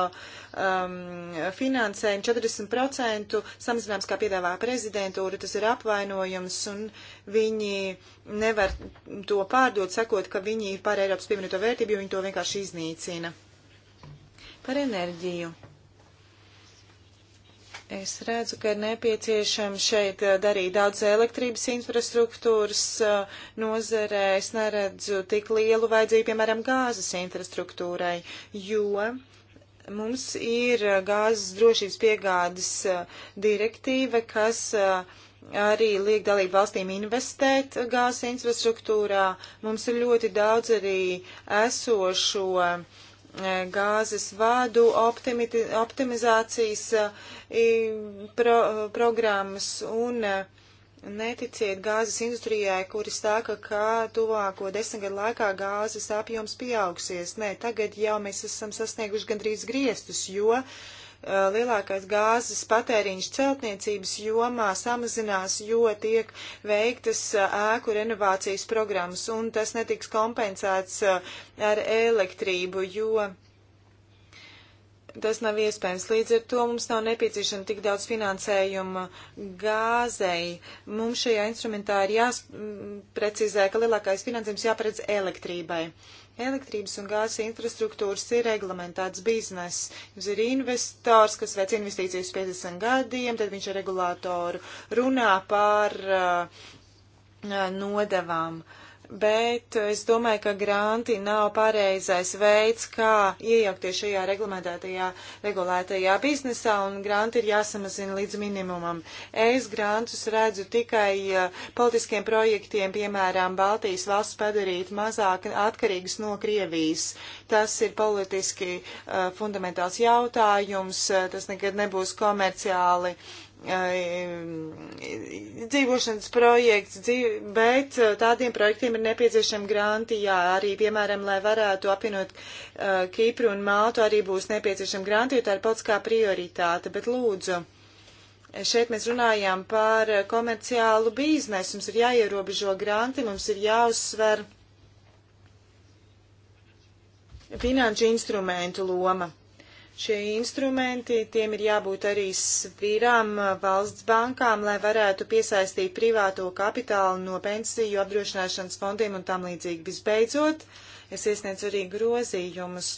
um, finansējumu. 40% samazinājums, kā piedāvā prezidentūra, tas ir apvainojums, un viņi nevar to pārdot, sakot, ka viņi ir par Eiropas pievienoto vērtību, jo viņi to vienkārši iznīcina. Par enerģiju. Es redzu, ka ir nepieciešams šeit eh, darīt daudz elektrības infrastruktūras eh, nozerē. Es neredzu tik lielu vajadzību, piemēram, gāzes infrastruktūrai, jo mums ir eh, gāzes drošības piegādes direktīva, kas arī liek dalību valstīm investēt gāzes infrastruktūrā. Mums ir ļoti daudz arī esošo E, gāzes vadu optimi, optimizācijas e, pro, programmas un e, neticiet gāzes industrijai, kuri stāka, ka tuvāko desmitgadu laikā gāzes apjoms pieaugsies. Nē, tagad jau mēs esam sasnieguši gandrīz griestus, jo uh, Eh, lielākais gāzes patēriņš celtniecības jomā samazinās, jo tiek veiktas eh, ēku renovācijas programmas, un tas netiks kompensēts eh, ar elektrību, jo tas nav iespējams. Līdz ar to mums nav nepieciešama tik daudz finansējuma gāzei. Mums šajā instrumentā ir jāprecizē, ka lielākais finansējums jāparedz elektrībai. Elektrības un gāzes infrastruktūras ir reglamentēts bizness. Jums ir investors, kas veic investīcijas 50 gadiem, tad viņš ar regulātoru runā par uh, nodevām. Uh, bet es domāju, ka granti nav pareizais veids, kā iejaukties šajā reglamentētajā, regulētajā biznesā, un granti ir jāsamazina līdz minimumam. Es grantus redzu tikai politiskiem projektiem, piemēram, Baltijas valsts padarīt mazāk atkarīgas no Krievijas. Tas ir politiski uh, fundamentāls jautājums, eh, tas nekad nebūs komerciāli. Uh, dzīvošanas projekts, dzīv, bet uh, tādiem projektiem ir nepieciešama grantija. Arī, piemēram, lai varētu apvienot uh, Kipru un Maltu, arī būs nepieciešama grantija, tā ir politiskā prioritāte. Bet lūdzu, šeit mēs runājām par uh, komerciālu biznesu, mums ir jāierobežo granti, mums ir jāuzsver finanšu instrumentu loma. Šie instrumenti, tiem ir jābūt arī svirām uh, valsts bankām, lai varētu piesaistīt privāto kapitālu no pensiju apdrošināšanas fondiem un tam līdzīgi. Visbeidzot, es iesniedzu arī grozījumus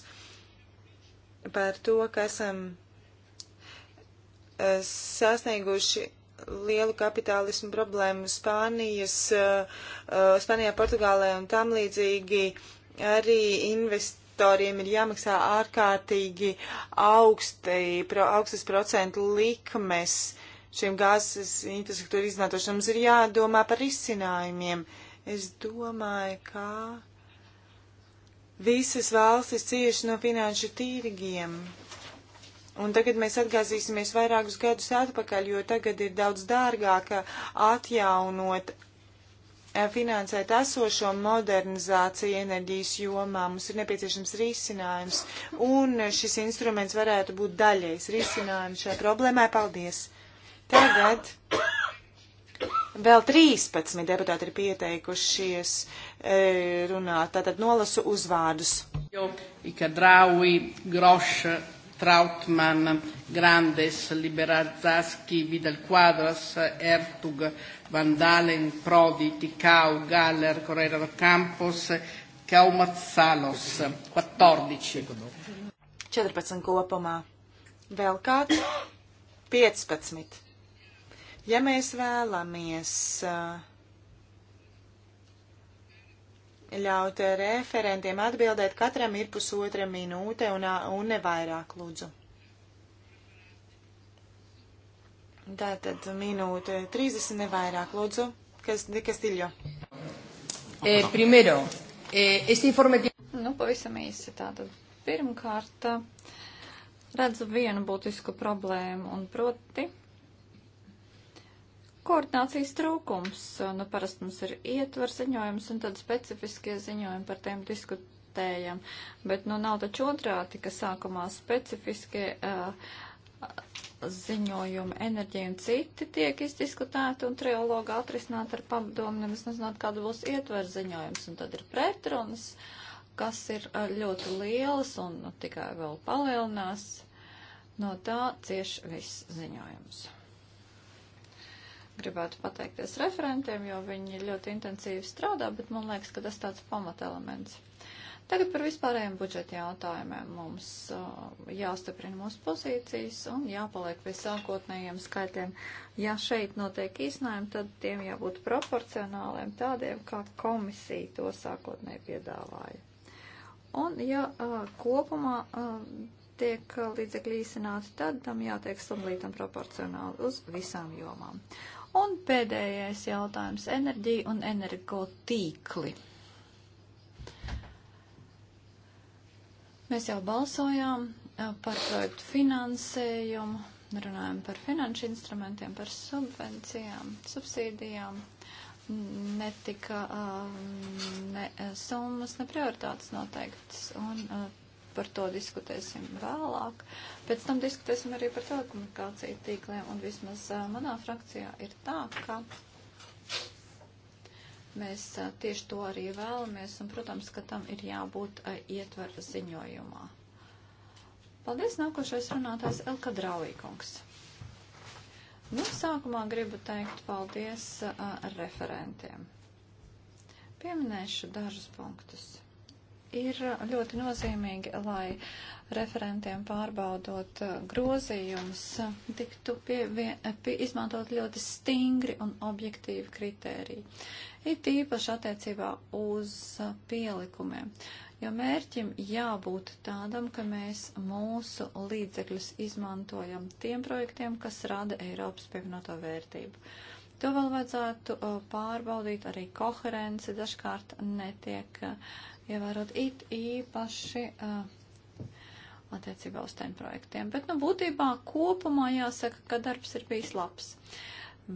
par to, ka esam uh, sasnieguši lielu kapitālismu problēmu Spānijas, uh, Spānijā, Portugālē un tam līdzīgi arī invest investoriem ir jāmaksā ārkārtīgi augsti, pro, augstas procentu likmes šiem gāzes infrastruktūra izmantošanai. Mums ir jādomā par izcinājumiem. Es domāju, ka visas valstis cieši no finanšu tīrgiem. Un tagad mēs atgāzīsimies vairākus gadus atpakaļ, jo tagad ir daudz dārgāk atjaunot Eh, finansēt esošo modernizāciju enerģijas jomā. Mums ir nepieciešams risinājums, un šis instruments varētu būt daļais risinājums šai problēmai. Paldies! Tagad vēl 13 deputāti ir pieteikušies eh, runāt, tātad nolasu uzvārdus. Jo, Ikadraui, Groša, Trautmann, Grandes, Liberazaschi, Vidal Quadras, Ertug, Van Dalen, Prodi, Ticau, Galler, Correra Campos, Kaumazzalos. 14. 14 kopumā. Vēl kāds? 15. Ja mēs vēlamies. Uh, ļaut referentiem atbildēt. Katram ir pusotra minūte un, un nevairāk lūdzu. Tātad minūte 30 nevairāk lūdzu. Kas, kas tiļo? E, eh, primero, e, este informe... Nu, pavisam īsi tātad. Pirmkārt, redzu vienu būtisku problēmu un proti Koordinācijas trūkums. Nu, parasti mums ir ietver ziņojums un tad specifiskie ziņojumi par tiem diskutējam. Bet, nu, nav taču otrādi, ka sākumā specifiskie uh, ziņojumi enerģija un citi tiek izdiskutēti un trialoga atrisināt ar padomu, nemaz nezināt, kāda būs ietver ziņojums. Un tad ir pretrunas, kas ir uh, ļoti lielas un nu, tikai vēl palielinās. No tā cieš viss ziņojums gribētu pateikties referentiem, jo viņi ļoti intensīvi strādā, bet man liekas, ka tas tāds pamatelements. Tagad par vispārējiem budžeta jautājumiem. Mums uh, jāstiprina mūsu pozīcijas un jāpaliek pie sākotnējiem skaitļiem. Ja šeit notiek īstenājumi, tad tiem jābūt proporcionāliem tādiem, kā komisija to sākotnēji piedāvāja. Un ja uh, kopumā uh, tiek uh, līdzekļi īsināti, tad tam jātiek sadalītam proporcionāli uz visām jomām. Uh, Un pēdējais jautājums - enerģija un energotīkli. Mēs jau balsojām par projektu finansējumu, runājam par finanšu instrumentiem, par subvencijām, subsīdijām. Netika ne summas, ne prioritātes noteiktas. Un par to diskutēsim vēlāk. Pēc tam diskutēsim arī par telekomunikāciju tīkliem, un vismaz uh, manā frakcijā ir tā, ka mēs uh, tieši to arī vēlamies, un, protams, ka tam ir jābūt uh, ietver ziņojumā. Paldies, nākošais runātājs Elka Draulīkungs. Nu, sākumā gribu teikt paldies uh, referentiem. Pieminēšu dažus punktus ir ļoti nozīmīgi, lai referentiem pārbaudot uh, grozījumus, tiktu pie, eh, pie, izmantot ļoti stingri un objektīvi kritēriji. Ir tīpaši attiecībā uz uh, pielikumiem, jo mērķim jābūt tādam, ka mēs mūsu līdzekļus izmantojam tiem projektiem, kas rada Eiropas pievienoto vērtību. To vēl vajadzētu uh, pārbaudīt, arī koherence dažkārt netiek uh, ievērot it īpaši uh, attiecībā uz tiem projektiem. Bet, nu, būtībā kopumā jāsaka, ka darbs ir bijis labs.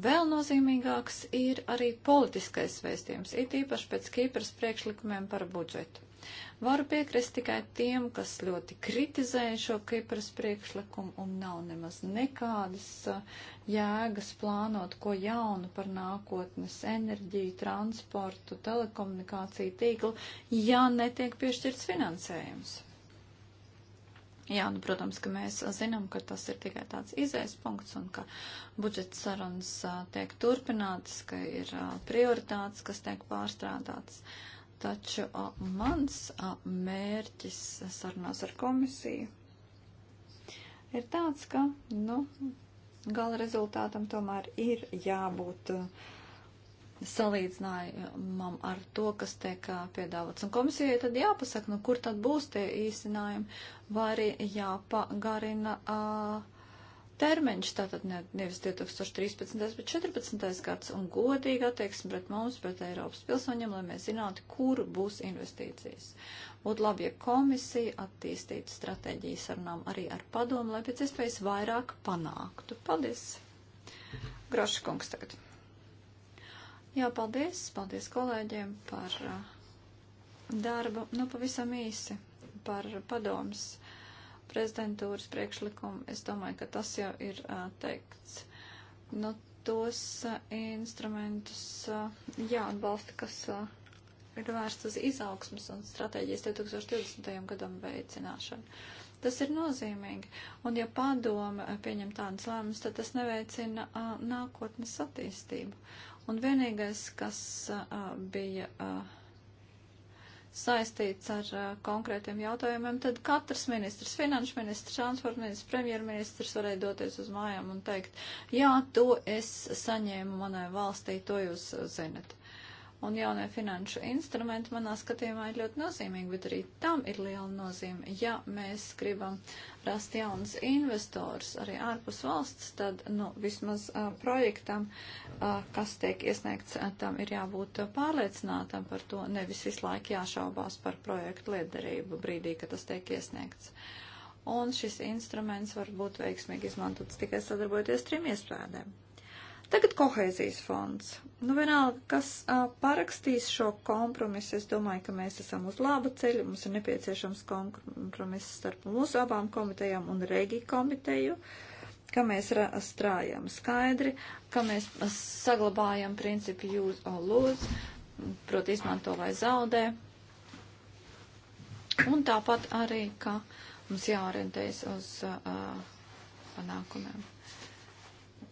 Vēl nozīmīgāks ir arī politiskais vēstījums, it īpaši pēc Kīpras priekšlikumiem par budžetu. Varu piekrist tikai tiem, kas ļoti kritizēja šo Kipras priekšlikumu un nav nemaz nekādas uh, jēgas plānot, ko jaunu par nākotnes enerģiju, transportu, telekomunikāciju tīklu, ja netiek piešķirts finansējums. Jā, nu, protams, ka mēs zinām, ka tas ir tikai tāds izējas punkts un ka budžeta sarunas uh, tiek turpinātas, ka ir uh, prioritātes, kas tiek pārstrādātas. Uh, Taču a, mans a, mērķis sarunās ar komisiju ir tāds, ka nu, gala rezultātam tomēr ir jābūt a, salīdzinājumam ar to, kas tiek piedāvāts. Un komisijai tad jāpasaka, nu, kur tad būs tie īstenājumi, vai arī jāpagarina. Uh, termiņš, tātad ne, nevis 2013. bet 14. gads, un godīgi attieksmi pret mums, pret Eiropas pilsoņiem, lai mēs zinātu, kur būs investīcijas. Būtu labi, ja komisija attīstītu stratēģiju sarunām arī ar padomu, lai pēc iespējas vairāk panāktu. Paldies! Groša kungs tagad. Jā, paldies, paldies kolēģiem par uh, darbu, nu pavisam īsi par padomus prezidentūras priekšlikumu. Es domāju, ka tas jau ir uh, teikts. Nu, tos uh, instrumentus uh, jāatbalsta, kas uh, ir vērsts uz izaugsmas un stratēģijas 2020. gadam veicināšanu. Tas ir nozīmīgi. Un ja padome pieņem tādas lēmumus, tad tas neveicina a, nākotnes attīstību. Un vienīgais, kas a, bija. A, saistīts ar uh, konkrētiem jautājumiem, tad katrs ministrs, finanšu ministrs, transporta ministrs, premjerministrs varēja doties uz mājām un teikt, jā, to es saņēmu manai valstī, to jūs zinat. Un jaunie finanšu instrumenti manā skatījumā ir ļoti nozīmīgi, bet arī tam ir liela nozīme. Ja mēs gribam rast jaunas investors arī ārpus valsts, tad nu, vismaz uh, projektam, uh, kas tiek iesniegts, uh, tam ir jābūt pārliecinātam par to, nevis visu laiku jāšaubās par projektu liederību brīdī, kad tas tiek iesniegts. Un šis instruments var būt veiksmīgi izmantots tikai sadarbojoties trim iespējām Tagad kohēzijas fonds. Nu, vienalga, kas uh, parakstīs šo kompromisu, es domāju, ka mēs esam uz laba ceļa, mums ir nepieciešams kompromiss starp mūsu abām komitejām un regi komiteju. Uh, ka mēs strājam skaidri, ka mēs saglabājam principu use or lose, proti izmanto vai zaudē. Un tāpat arī, ka mums jāorientējas uz uh, panākumiem.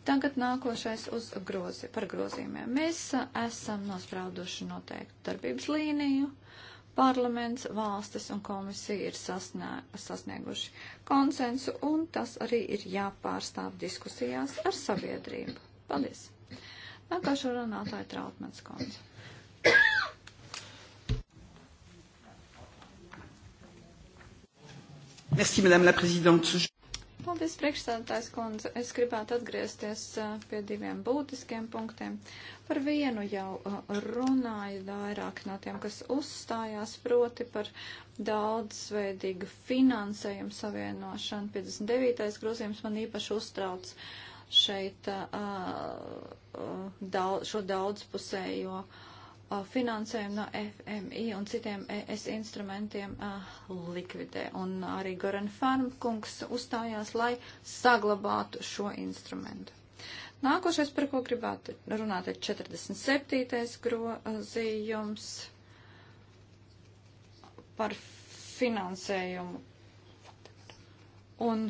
Tagad nākošais uz grozi, par grozījumiem. Mēs a, esam nosprauduši noteiktu darbības līniju. Parlaments, valstis un komisija ir sasnē, sasnieguši konsensu, un tas arī ir jāpārstāv diskusijās ar sabiedrību. Paldies! Nākošo runātāju Trautmans konts. Merci, Madame la Présidente. Paldies, priekšstādātājs kundze. Es gribētu atgriezties pie diviem būtiskiem punktiem. Par vienu jau runāju vairāk no tiem, kas uzstājās, proti par daudzveidīgu finansējumu savienošanu. 59. grozījums man īpaši uztrauc šeit uh, daudz, šo daudzpusējo uh, Uh, finansējumu no FMI un citiem ES instrumentiem uh, likvidē. Un arī Goran Farm kungs uzstājās, lai saglabātu šo instrumentu. Nākošais, par ko gribētu runāt, ir 47. grozījums par finansējumu un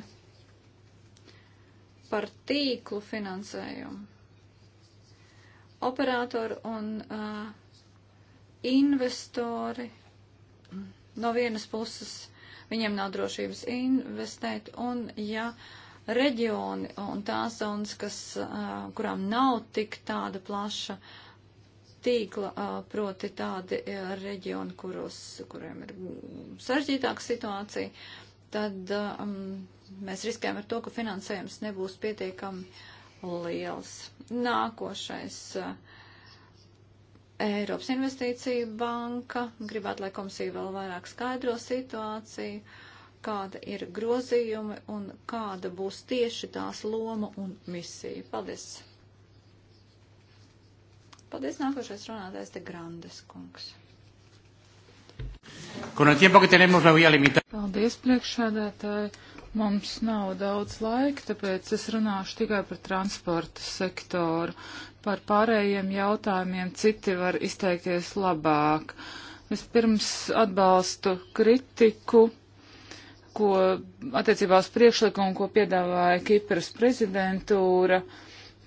par tīklu finansējumu. Operātori un uh, investori no vienas puses viņiem nav drošības investēt, un ja reģioni un tās zonas, kas, kurām nav tik tāda plaša tīkla, proti tādi reģioni, kuros, kuriem ir sarežģītāka situācija, tad um, mēs riskējam ar to, ka finansējums nebūs pietiekami liels. Nākošais. Uh, Eiropas Investīcija banka. Gribētu, lai komisija vēl vairāk skaidro situāciju, kāda ir grozījumi un kāda būs tieši tās loma un misija. Paldies! Paldies, nākošais runātājs te Grandes kungs. Con el tiempo que tenemos la voy a limitar. Paldies, priekšsēdētāji. Mums nav daudz laika, tāpēc es runāšu tikai par transporta sektoru. Par pārējiem jautājumiem citi var izteikties labāk. Vispirms atbalstu kritiku, ko attiecībā uz priekšlikumu, ko piedāvāja Kipras prezidentūra.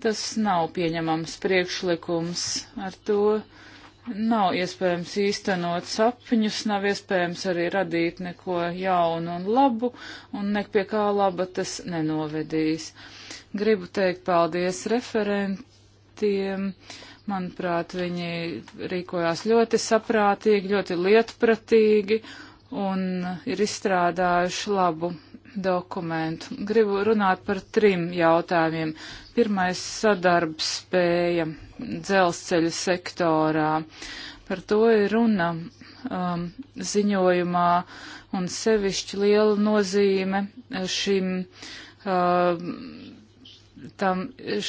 Tas nav pieņemams priekšlikums. Ar to nav iespējams īstenot sapņus, nav iespējams arī radīt neko jaunu un labu, un nek pie kā laba tas nenovedīs. Gribu teikt paldies referentiem. Manuprāt, viņi rīkojās ļoti saprātīgi, ļoti lietpratīgi un ir izstrādājuši labu dokumentu. Gribu runāt par trim jautājumiem. Pirmais - sadarbspēja dzelzceļa sektorā. Par to ir runa um, ziņojumā un sevišķi liela nozīme šim. Um, tam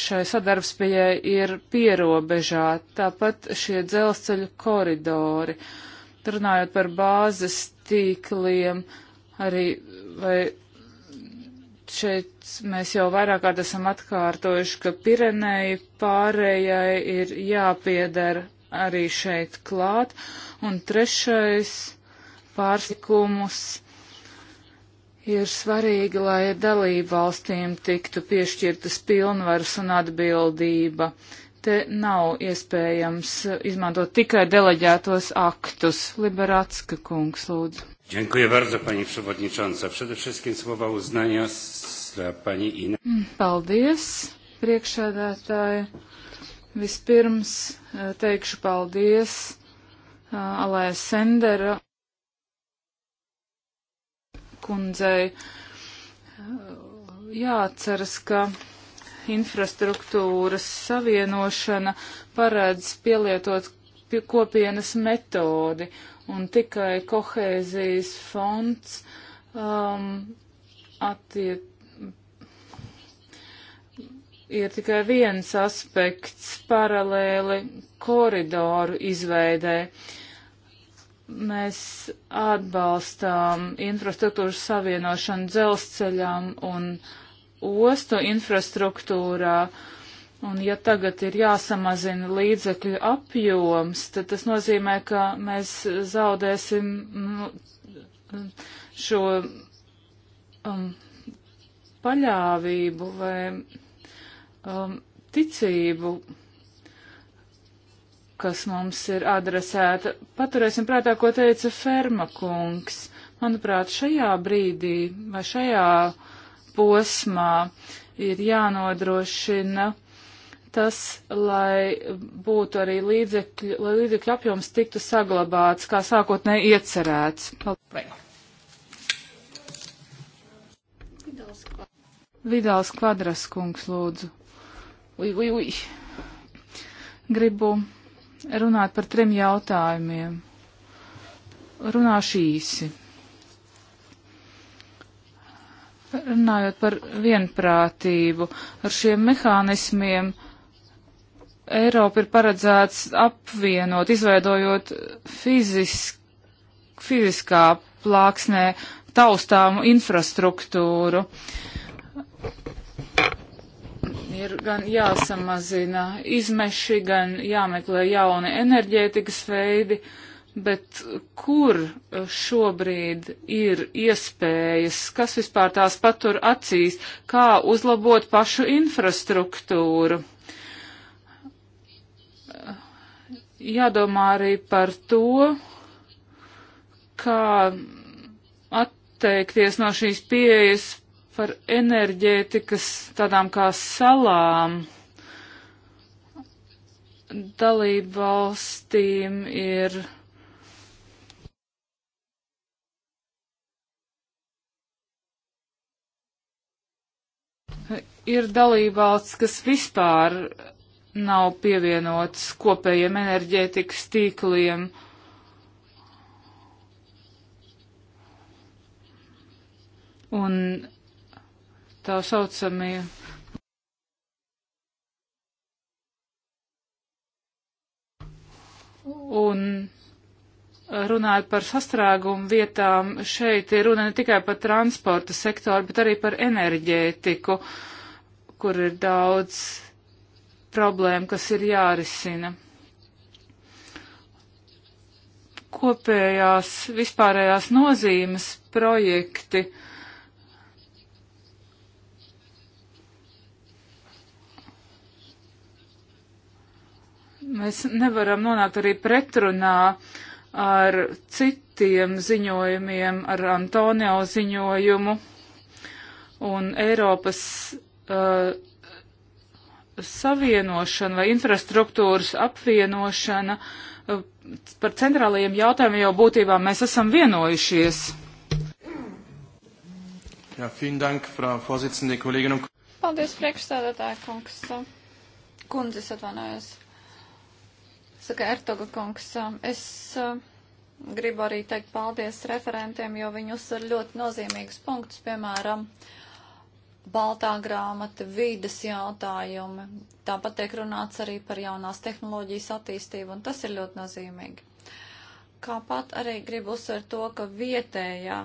šai sadarbspējai ir pierobežā, tāpat šie dzelzceļa koridori. Runājot par bāzes tīkliem, arī vai šeit mēs jau vairāk kārt esam atkārtojuši, ka Pirenei pārējai ir jāpiedara arī šeit klāt. Un trešais pārsikumus ir svarīgi, lai dalību valstīm tiktu piešķirtas pilnvaras un atbildība. Te nav iespējams izmantot tikai deleģētos aktus. Liberatska kungs, lūdzu. Dziękuję bardzo, pani przewodnicząca. Przede wszystkim słowa uznania z Mm, paldies, priekšsēdētāji. Vispirms eh, teikšu paldies eh, Alē Sendera kundzei. Eh, jāatceras, ka infrastruktūras savienošana paredz pielietot kopienas metodi, un tikai kohēzijas fonds um, attiec ir tikai viens aspekts paralēli koridoru izveidē. Mēs atbalstām infrastruktūras savienošanu dzelzceļām un ostu infrastruktūrā. Un ja tagad ir jāsamazina līdzekļu apjoms, tad tas nozīmē, ka mēs zaudēsim nu, šo um, paļāvību vai um, ticību, kas mums ir adresēta. Paturēsim prātā, ko teica Ferma kungs. Manuprāt, šajā brīdī vai šajā posmā ir jānodrošina tas, lai būtu arī līdzekļu, lai līdzekļu apjoms tiktu saglabāts, kā sākotnēji iecerēts. Vidāls kvadras kungs, lūdzu. Ui, ui, ui. Gribu runāt par trim jautājumiem. Runāšu īsi. Runājot par vienprātību, ar šiem mehānismiem Eiropa ir paredzēts apvienot, izveidojot fizisk, fiziskā plāksnē taustāmu infrastruktūru ir gan jāsamazina izmeši, gan jāmeklē jauni enerģētikas veidi, bet kur uh, šobrīd ir iespējas, kas vispār tās patur acīs, kā uzlabot pašu infrastruktūru? Uh, jādomā arī par to, kā atteikties no šīs pieejas par enerģētikas tādām kā salām. Dalību valstīm ir. Ir dalībvalsts, kas vispār nav pievienotas kopējiem enerģētikas tīkliem. Un tā saucamie un runājot par sastrēgumu vietām, šeit ir runa ne tikai par transporta sektoru, bet arī par enerģētiku, kur ir daudz problēmu, kas ir jārisina. Kopējās vispārējās nozīmes projekti uh, mēs nevaram nonākt arī pretrunā ar citiem ziņojumiem, ar Antonio ziņojumu un Eiropas uh, savienošana vai infrastruktūras apvienošana. Uh, par centrālajiem jautājumiem jau būtībā mēs esam vienojušies. Jā, vielen dank, Frau Vorsitzende, Kolleginnen un Paldies, priekšstādātāja kungs. Kundzes atvainojos. Saka Ertoga kungs, um, es um, gribu arī teikt paldies referentiem, jo viņi uzsver ļoti nozīmīgus punktus, piemēram, baltā grāmata, vīdas jautājumi. Tāpat tiek runāts arī par jaunās tehnoloģijas attīstību, un tas ir ļoti nozīmīgi. Kāpat arī gribu uzsvert to, ka vietējā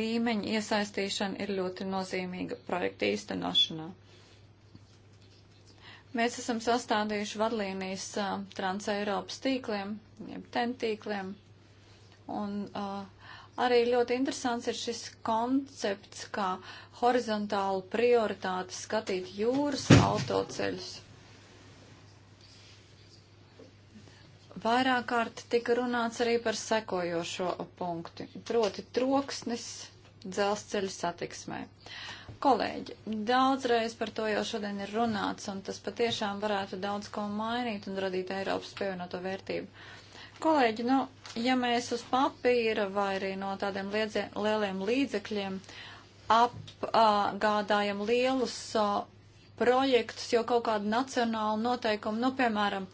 līmeņa iesaistīšana ir ļoti nozīmīga projekta īstenošanā. Mēs esam sastādījuši vadlīnijas uh, transeiropas tīkliem, jeb ten tīkliem, un uh, arī ļoti interesants ir šis koncepts, kā horizontālu prioritāti skatīt jūras autoceļus. Vairāk kārt tika runāts arī par sekojošo punktu, proti troksnis, dzelzceļa satiksmē. Kolēģi, daudzreiz par to jau šodien ir runāts, un tas patiešām varētu daudz ko mainīt un radīt Eiropas pievienoto vērtību. Kolēģi, nu, ja mēs uz papīra vai arī no tādiem liedzie, lieliem līdzekļiem apgādājam lielus a, projektus, jo kaut kāda nacionāla noteikuma, nu, piemēram,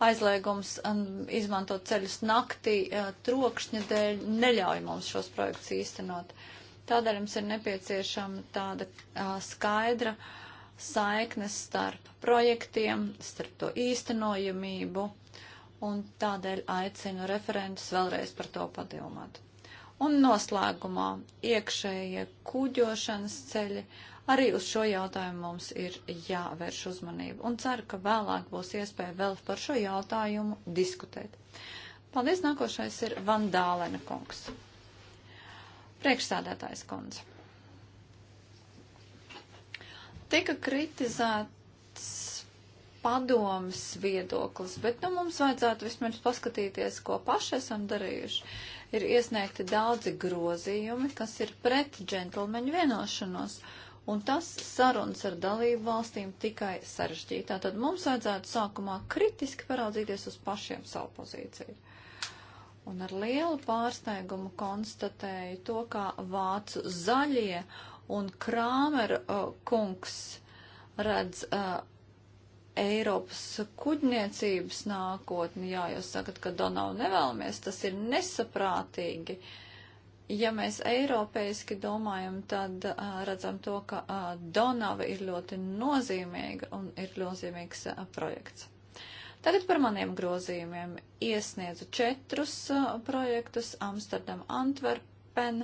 aizliegums um, izmantot ceļus naktī uh, trokšņa dēļ neļauj mums šos projektus īstenot. Uh, Tādēļ mums ir nepieciešama tāda uh, skaidra saiknes starp projektiem, starp to īstenojamību, un tādēļ aicinu referentus vēlreiz par to padomāt. Un noslēgumā iekšējie kuģošanas ceļi arī uz šo jautājumu mums ir jāvērš uzmanība un ceru, ka vēlāk būs iespēja vēl par šo jautājumu diskutēt. Paldies, nākošais ir Vandālena kungs. Priekšsādātājs kundze. Tika kritizēts padomas viedoklis, bet nu mums vajadzētu vismaz paskatīties, ko paši esam darījuši. Ir iesniegti daudzi grozījumi, kas ir pret džentlmeņu vienošanos, un tas sarunas ar dalību valstīm tikai sarežģītā. Tad mums vajadzētu sākumā kritiski paraudzīties uz pašiem savu pozīciju. Un ar lielu pārsteigumu konstatēju to, kā vācu zaļie un Krāmer uh, kungs redz uh, Eiropas kuģniecības nākotni. Jā, jūs sakat, ka Donavu nevēlamies, tas ir nesaprātīgi. Ja mēs eiropeiski domājam, tad uh, redzam to, ka uh, Donava ir ļoti nozīmīga un ir nozīmīgs uh, projekts. Tagad par maniem grozījumiem. Iesniedzu četrus uh, projektus - Amsterdam, Antverpen.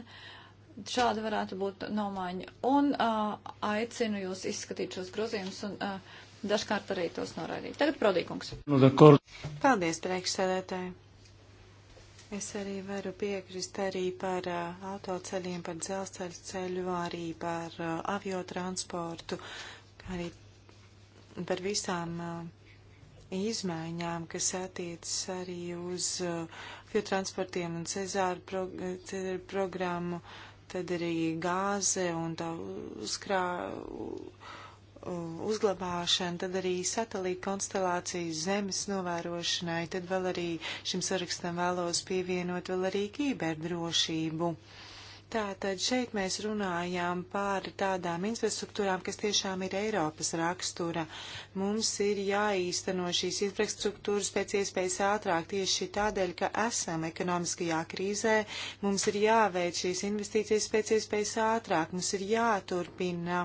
Šāda varētu būt nomaiņa. Un uh, aicinu jūs izskatīt šos grozījumus un uh, dažkārt arī tos noraidīt. Tagad prodīkums. Nu, Paldies, priekšsēdētāji. Es arī varu piekrist arī par uh, autoceļiem, par dzelzceļu ceļu, arī par uh, aviotransportu, arī par visām uh, izmaiņām, kas attiecas arī uz uh, fiotransportiem un Cezāru pro, Cezāru programmu, tad arī gāze un tā uzkrā, uzglabāšana, tad arī satelīta konstelācijas zemes novērošanai, tad vēl arī šim sarakstam vēlos pievienot vēl arī kiberdrošību. drošību Tātad šeit mēs runājām par tādām infrastruktūrām, kas tiešām ir Eiropas rakstura. Mums ir jāīsteno šīs infrastruktūras pēc iespējas ātrāk tieši tādēļ, ka esam ekonomiskajā krīzē. Mums ir jāveic šīs investīcijas pēc iespējas ātrāk. Mums ir jāturpina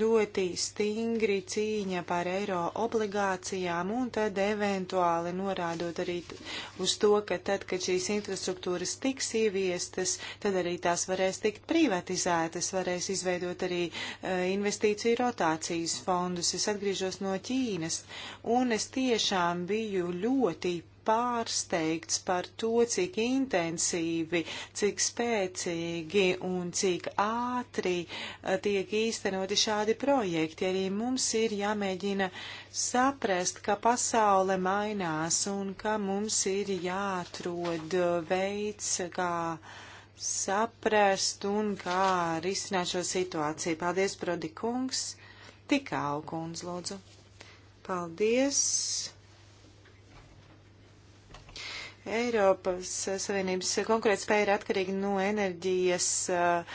ļoti stingri cīņa par eiro obligācijām un tad eventuāli norādot arī uz to, ka tad, kad šīs infrastruktūras tiks ieviestas, tad arī tās varēs tikt privatizētas, varēs izveidot arī uh, investīciju rotācijas fondus. Es atgriežos no Ķīnas un es tiešām biju ļoti pārsteigts par to, cik intensīvi, cik spēcīgi un cik ātri eh, tiek īstenoti šādi projekti. Arī mums ir jāmēģina saprast, ka pasaule mainās un ka mums ir jāatrod eh, veids, kā saprast un kā risināt šo situāciju. Paldies, Prodi kungs. Tikā, kundz, lūdzu. Paldies. Eiropas Savienības konkurētspēja ir atkarīga no enerģijas, eh,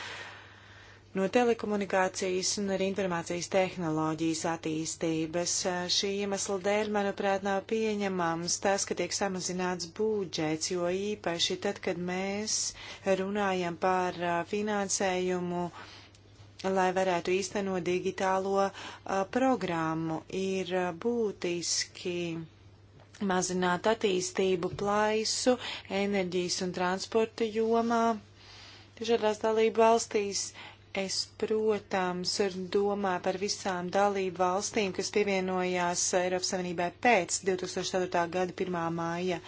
no telekomunikācijas un arī informācijas tehnoloģijas attīstības. Šī iemesla dēļ, manuprāt, nav pieņemams tas, ka tiek samazināts budžets, jo īpaši tad, kad mēs runājam par eh, finansējumu, lai varētu īstenot digitālo a, eh, programmu, ir būtiski mazināt attīstību plaisu enerģijas un transporta jomā. Dažādās dalību valstīs es, protams, domāju par visām dalību valstīm, kas pievienojās Eiropas Savienībai pēc 2004. gada 1. māja.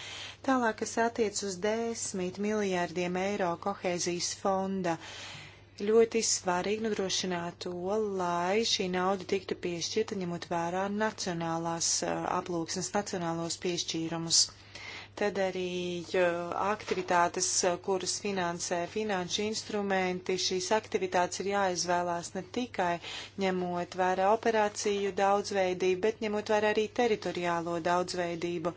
Tālāk, kas attiec uz 10 miljārdiem eiro kohēzijas fonda. Uh, ļoti svarīgi nodrošināt to, lai šī nauda tiktu piešķirta ņemot vērā nacionālās eh, aplūksnes, nacionālos piešķīrumus. Tad arī eh, aktivitātes, eh, kuras finansē finanšu instrumenti, šīs aktivitātes ir jāizvēlās ne tikai ņemot vērā operāciju daudzveidību, bet ņemot vērā arī teritoriālo daudzveidību. Uh,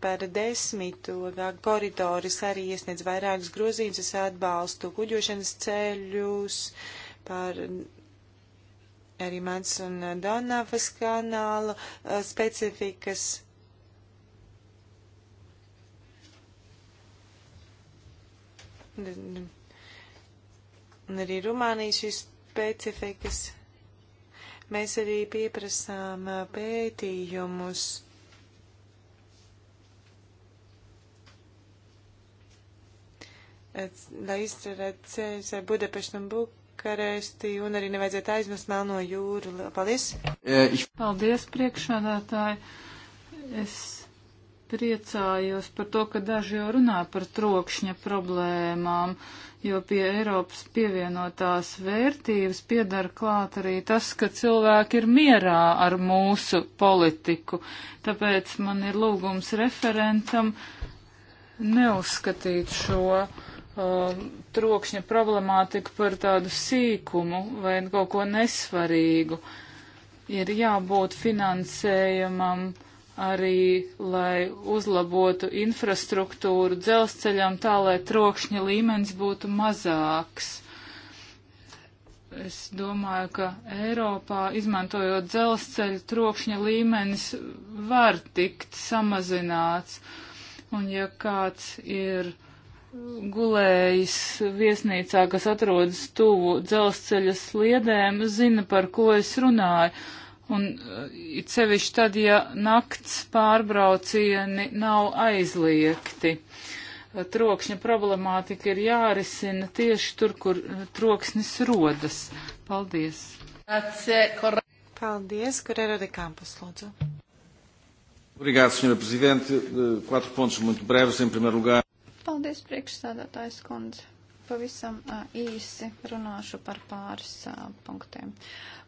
par desmito koridorus arī iesniedz vairākus grozījumus, es atbalstu kuģošanas ceļus, par arī mans un Donavas kanāla specifikas. Un arī Rumānijas šīs specifikas. Mēs arī pieprasām pētījumus lai izcerētu ceļus ar Budapeštu un Buku. Bukaresti un arī nevajadzētu aizmest melno jūru. Paldies! Paldies, priekšādātāji! Es priecājos par to, ka daži jau runā par trokšņa problēmām, jo pie Eiropas pievienotās vērtības piedara klāt arī tas, ka cilvēki ir mierā ar mūsu politiku. Tāpēc man ir lūgums referentam neuzskatīt šo um, trokšņa problemātiku par tādu sīkumu vai kaut ko nesvarīgu. Ir jābūt finansējumam arī, lai uzlabotu infrastruktūru dzelzceļam tā, lai trokšņa līmenis būtu mazāks. Es domāju, ka Eiropā, izmantojot dzelzceļu, trokšņa līmenis var tikt samazināts. Un ja kāds ir gulējis viesnīcā, kas atrodas tuvu dzelzceļa sliedēm, zina, par ko es runāju. Un uh, it sevišķi tad, ja nakts pārbraucieni nav aizliegti. Uh, Trokšņa problemātika ir jārisina tieši tur, kur uh, troksnis rodas. Paldies! Paldies, Guerreiro de Campos, lūdzu. Obrigado, Sra. Presidente. Eh, quatro pontos muito breves. Em primeiro lugar. Paldies, priekšsēdētājs kundze. Pavisam uh, īsi runāšu par pāris uh, punktiem.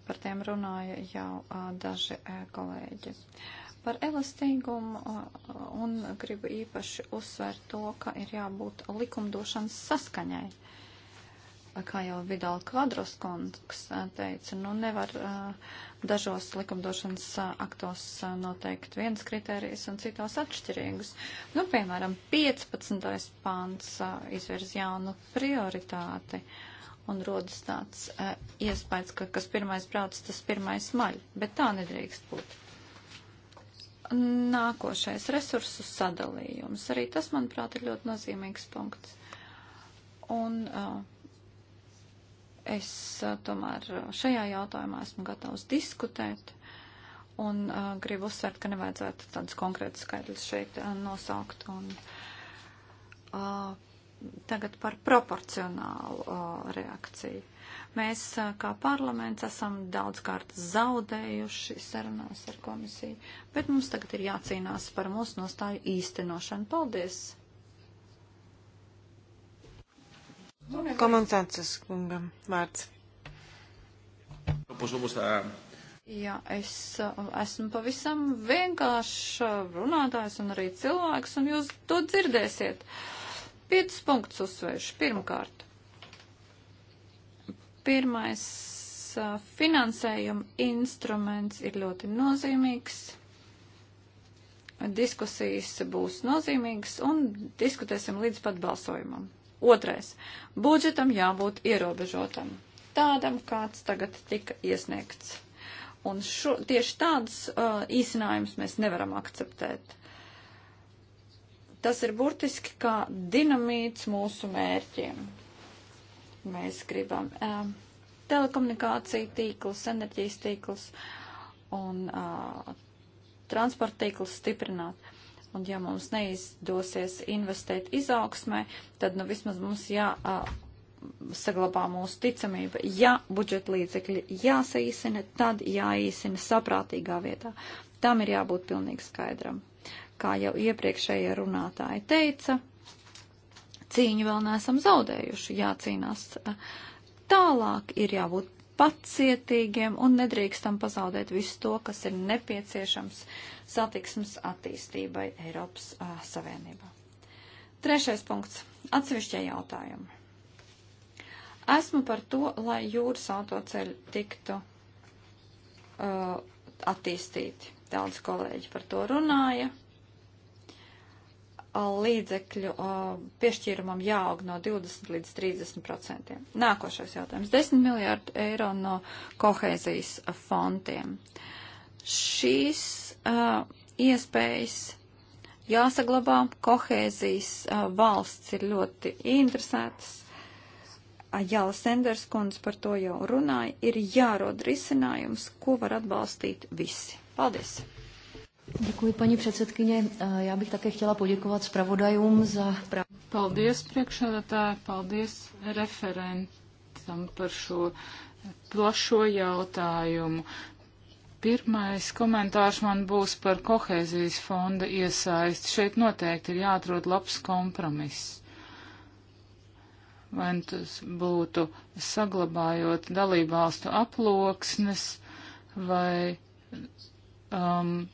Par tiem runāja jau uh, daži uh, kolēģi. Par elastīgumu uh, un gribu īpaši uzsvērt to, ka ir jābūt likumdošanas saskaņai kā jau Vidāla Kvadraskungs teica, nu nevar dažos likumdošanas aktos noteikt viens kriterijs un citos atšķirīgus. Nu, piemēram, 15. pāns izvirz jaunu prioritāti un rodas tāds iespējas, ka kas pirmais brauc, tas pirmais maļ, bet tā nedrīkst būt nākošais resursu sadalījums. Arī tas, manuprāt, ir ļoti nozīmīgs punkts. Un uh, Es tomēr šajā jautājumā esmu gatavs diskutēt un uh, gribu uzsvērt, ka nevajadzētu tādus konkrētus skaidrus šeit uh, nosaukt. Un, uh, tagad par proporcionālu uh, reakciju. Mēs uh, kā parlaments esam daudzkārt zaudējuši sarunās ar komisiju, bet mums tagad ir jācīnās par mūsu nostāju īstenošanu. Paldies! Komansantas kungam vārds. Jā, es esmu pavisam vienkāršs runātājs un arī cilvēks, un jūs to dzirdēsiet. Piecus punktus uzsvēršu. Pirmkārt, pirmais finansējuma instruments ir ļoti nozīmīgs diskusijas būs nozīmīgas un diskutēsim līdz pat balsojumam. Otrais. Budžetam jābūt ierobežotam. Tādam, kāds tagad tika iesniegts. Un šo, tieši tādus uh, īsinājumus mēs nevaram akceptēt. Tas ir burtiski kā dinamīts mūsu mērķiem. Mēs gribam uh, telekomunikāciju tīklus, enerģijas tīklus un uh, transporta tīklus stiprināt. Uh, Un ja mums neizdosies investēt izaugsmē, tad nu vismaz mums jā. Uh, saglabā mūsu ticamība. Ja budžeta līdzekļi jāsaīsina, tad jāīsina saprātīgā vietā. Tam ir jābūt pilnīgi skaidram. Kā jau iepriekšējie runātāji teica, cīņu vēl neesam zaudējuši, jācīnās tālāk, ir jābūt pacietīgiem un nedrīkstam pazaudēt visu to, kas ir nepieciešams satiksmes attīstībai Eiropas uh, Savienībā. Trešais punkts - atsevišķie jautājumi. Esmu par to, lai jūras autoceļi tiktu uh, attīstīti. Daudz kolēģi par to runāja līdzekļu piešķīrumam jāaug no 20 līdz 30 procentiem. Nākošais jautājums - 10 miljārdu eiro no kohēzijas fondiem. Šīs uh, iespējas jāsaglabā. Kohēzijas uh, valsts ir ļoti interesētas. Jāla Senders kundze par to jau runāja. Ir jārod risinājums, ko var atbalstīt visi. Paldies! Děkuji, paní předsedkyně. Eh, já bych také chtěla poděkovat zpravodajům za práci. Paldies, priekšādātāji, paldies referentam par šo plašo jautājumu. Pirmais komentārs man būs par kohēzijas fonda iesaisti. Šeit noteikti ir jāatrod labs kompromiss. Vai tas būtu saglabājot dalībvalstu aploksnes vai um,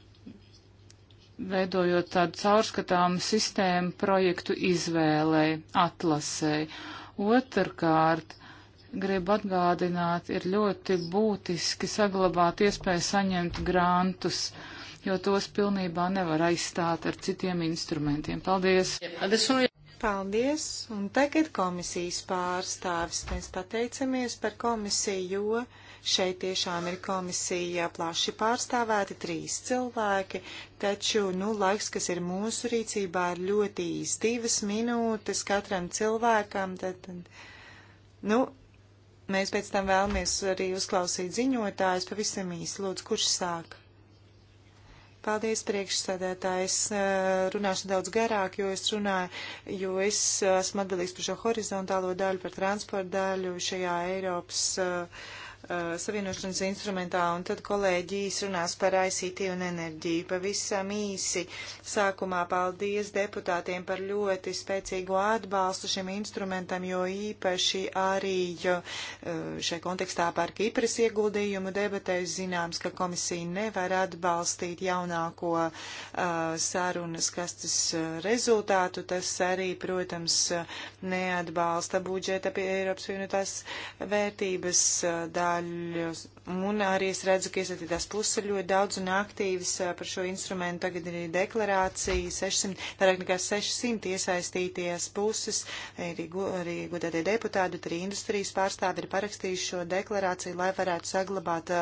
veidojot tādu caurskatāmu sistēmu projektu izvēlei, atlasēji. Otrkārt, gribu atgādināt, ir ļoti būtiski saglabāt iespēju saņemt grantus, jo tos pilnībā nevar aizstāt ar citiem instrumentiem. Paldies! Paldies! Un tagad komisijas pārstāvis. Mēs pateicamies par komisiju, jo Šeit tiešām ir komisija plaši pārstāvēti, trīs cilvēki, taču, nu, laiks, kas ir mūsu rīcībā, ir ļoti īs. Divas minūtes katram cilvēkam, tad, tad, nu, mēs pēc tam vēlamies arī uzklausīt ziņotājus pavisam īsi. Lūdzu, kurš sāk? Paldies, priekšsēdētājs. Runāšu daudz garāk, jo es runāju, jo es esmu atbildīgs par šo horizontālo daļu, par transportu daļu šajā Eiropas uh, Uh, savienošanas instrumentā, un tad kolēģi runās par ICT un enerģiju. Pavisam īsi sākumā paldies deputātiem par ļoti spēcīgo atbalstu šim instrumentam, jo īpaši arī uh, šai kontekstā par Kipras ieguldījumu debatēs zināms, ka komisija nevar atbalstīt jaunāko uh, sarunas kastes uh, rezultātu. Tas arī, protams, neatbalsta budžeta pie Eiropas vienotās vērtības darbu daļas, un arī es redzu, ka iesaistītās puses ir ļoti daudz un aktīvas par šo instrumentu. Tagad ir deklarācija, 600, vairāk nekā 600 iesaistīties puses, arī, arī godātie deputāti, arī industrijas pārstāvi ir parakstījuši šo deklarāciju, lai varētu saglabāt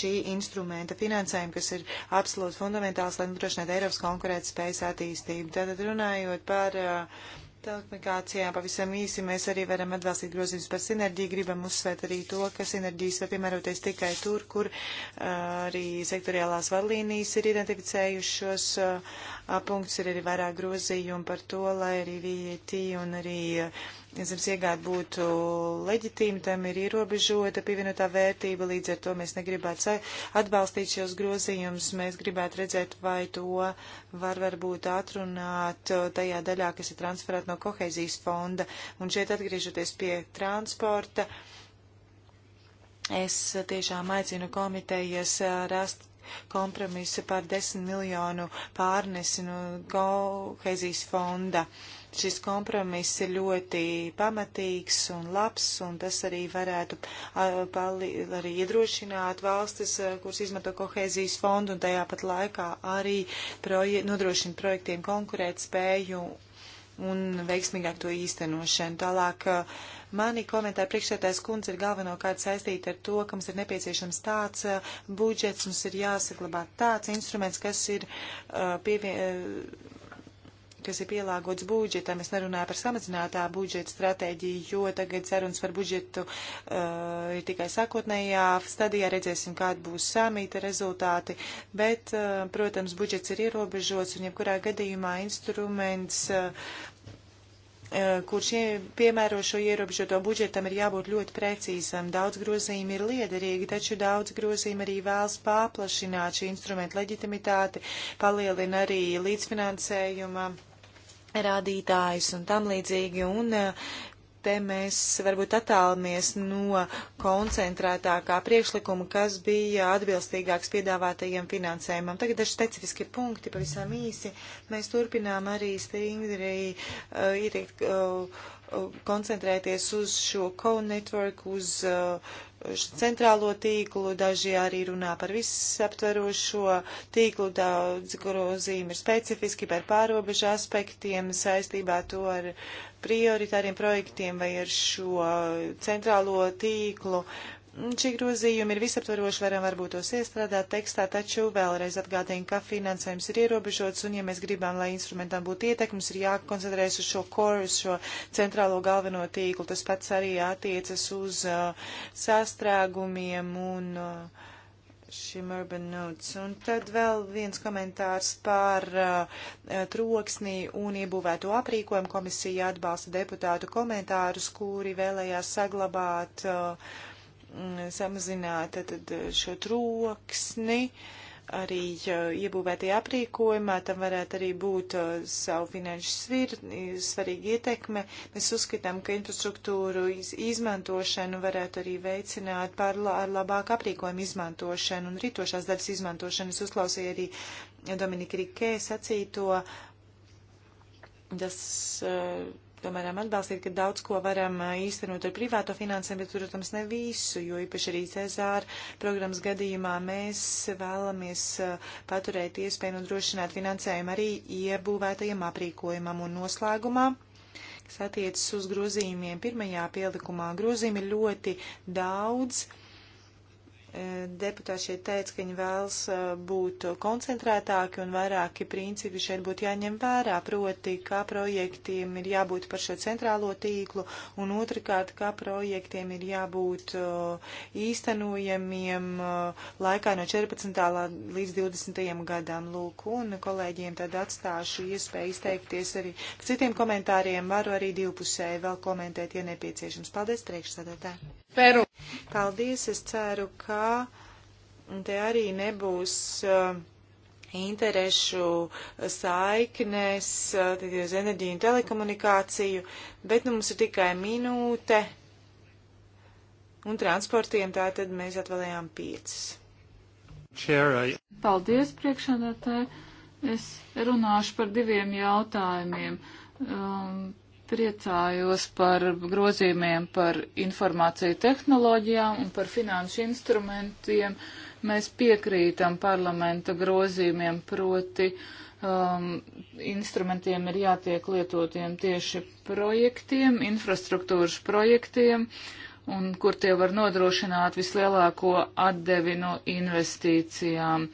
šī instrumenta finansējumu, kas ir absolūti fundamentāls, lai nodrošinātu Eiropas konkurētspējas attīstību. Tātad runājot par uh, telekomunikācijām pavisam īsi mēs arī varam atbalstīt grozījums par sinerģiju. Gribam uzsvērt arī to, ka sinerģijas var piemēroties tikai tur, kur uh, arī sektoriālās vadlīnijas ir identificējušos uh, punktus. Ir arī vairāk grozījumi par to, lai arī VIT un arī uh, zemes iegāde būtu leģitīma, tam ir ierobežota pievienotā vērtība, līdz ar to mēs negribētu atbalstīt šos grozījumus, mēs gribētu redzēt, vai to var varbūt atrunāt tajā daļā, kas ir transferēta no koheizijas fonda. Un šeit atgriežoties pie transporta, es tiešām aicinu komitejas rast kompromisu par 10 miljonu pārnesi no kohezijas fonda. Uh, Šis kompromiss ir ļoti pamatīgs un labs, un tas arī varētu arī iedrošināt valstis, kuras izmanto kohēzijas fondu, un tajā pat laikā arī proje nodrošina projektiem konkurēt spēju un veiksmīgāk to īstenošanu. Tālāk mani komentāri priekšsētājs kundze ir galvenokārt saistīti ar to, ka mums ir nepieciešams tāds budžets, mums ir jāsaglabā tāds instruments, kas ir uh, pievien, uh, kas ir pielāgots budžetam. Es nerunāju par samazinātā budžeta stratēģiju, jo tagad sarunas par budžetu uh, ir tikai sākotnējā stadijā. Redzēsim, kāda būs samīta rezultāti. Bet, uh, protams, budžets ir ierobežots un jebkurā gadījumā instruments. Uh, uh kurš piemēro šo ierobežoto budžetam, ir jābūt ļoti precīzam. Daudz grozījumi ir liederīgi, taču daudz grozījumi arī vēlas paplašināt šī instrumenta leģitimitāti, palielina arī līdzfinansējuma rādītājus un tam līdzīgi. Un eh, te mēs varbūt attālamies no koncentrētākā priekšlikuma, kas bija atbilstīgāks piedāvātajiem finansējumam. Tagad daži specifiski punkti pavisam īsi. Mēs turpinām arī stingri uh, eh, ir, uh, eh, koncentrēties uz šo co-network, uz uh, centrālo tīklu, daži arī runā par visaptverošo tīklu, daudz grozījumi ir specifiski par pārobežu aspektiem saistībā to ar prioritāriem projektiem vai ar šo centrālo tīklu. Uh, Šī grozījuma ir visaptvaroši, varam varbūt tos iestrādāt tekstā, taču vēlreiz atgādīju, ka finansējums ir ierobežots, un ja mēs gribam, lai instrumentam būtu ietekmes, ir jākoncentrējas uz šo korus, šo centrālo galveno tīklu. Tas pats arī attiecas uz uh, sastrēgumiem un uh, šim urban notes. Un tad vēl viens komentārs par uh, troksnī un iebūvēto aprīkojumu. Komisija atbalsta deputātu komentārus, kuri vēlējās saglabāt. Uh, samazināt tad, eh, šo troksni, arī iebūvētajā aprīkojumā, tam varētu arī būt eh, savu finanšu svir, svarīga ietekme. Mēs uzskatām, ka infrastruktūru iz, izmantošanu varētu arī veicināt par la, ar labāku aprīkojumu izmantošanu un rītošās darbs izmantošanu. Es uzklausīju arī Dominika Rikē sacīto. Tas, uh, tomēr atbalstīt, ka daudz ko varam īstenot ar privāto finansēm, bet, protams, ne visu, jo īpaši arī Cezāra programmas gadījumā mēs vēlamies paturēt iespēju nodrošināt finansējumu arī iebūvētajam aprīkojumam un noslēgumā kas attiecas uz grozījumiem. Pirmajā pielikumā grozījumi ir ļoti daudz. Uh, E, deputāti šeit teica, ka viņi vēlas e, būt koncentrētāki un vairāki principi šeit būtu jāņem vērā, proti, kā projektiem ir jābūt par šo centrālo tīklu un otrkārt, kā projektiem ir jābūt e, īstenojamiem laikā no 14. līdz 20. gadam. Lūk, un kolēģiem tad atstāšu iespēju izteikties arī par citiem komentāriem, varu arī divpusēji vēl komentēt, ja nepieciešams. Paldies, priekšsēdētāji! Peru. Paldies, es ceru, ka ka te arī nebūs uh, interešu saiknes, uh, tad uz enerģiju un telekomunikāciju, bet nu mums ir tikai minūte, un transportiem tā tad mēs atvēlējām piecas. Paldies, priekšādātāji. Es runāšu par diviem jautājumiem. Um, Priecājos par grozījumiem par informāciju tehnoloģijām un par finanšu instrumentiem. Mēs piekrītam parlamenta grozījumiem, proti um, instrumentiem ir jātiek lietotiem tieši projektiem, infrastruktūras projektiem, un kur tie var nodrošināt vislielāko atdevi no investīcijām.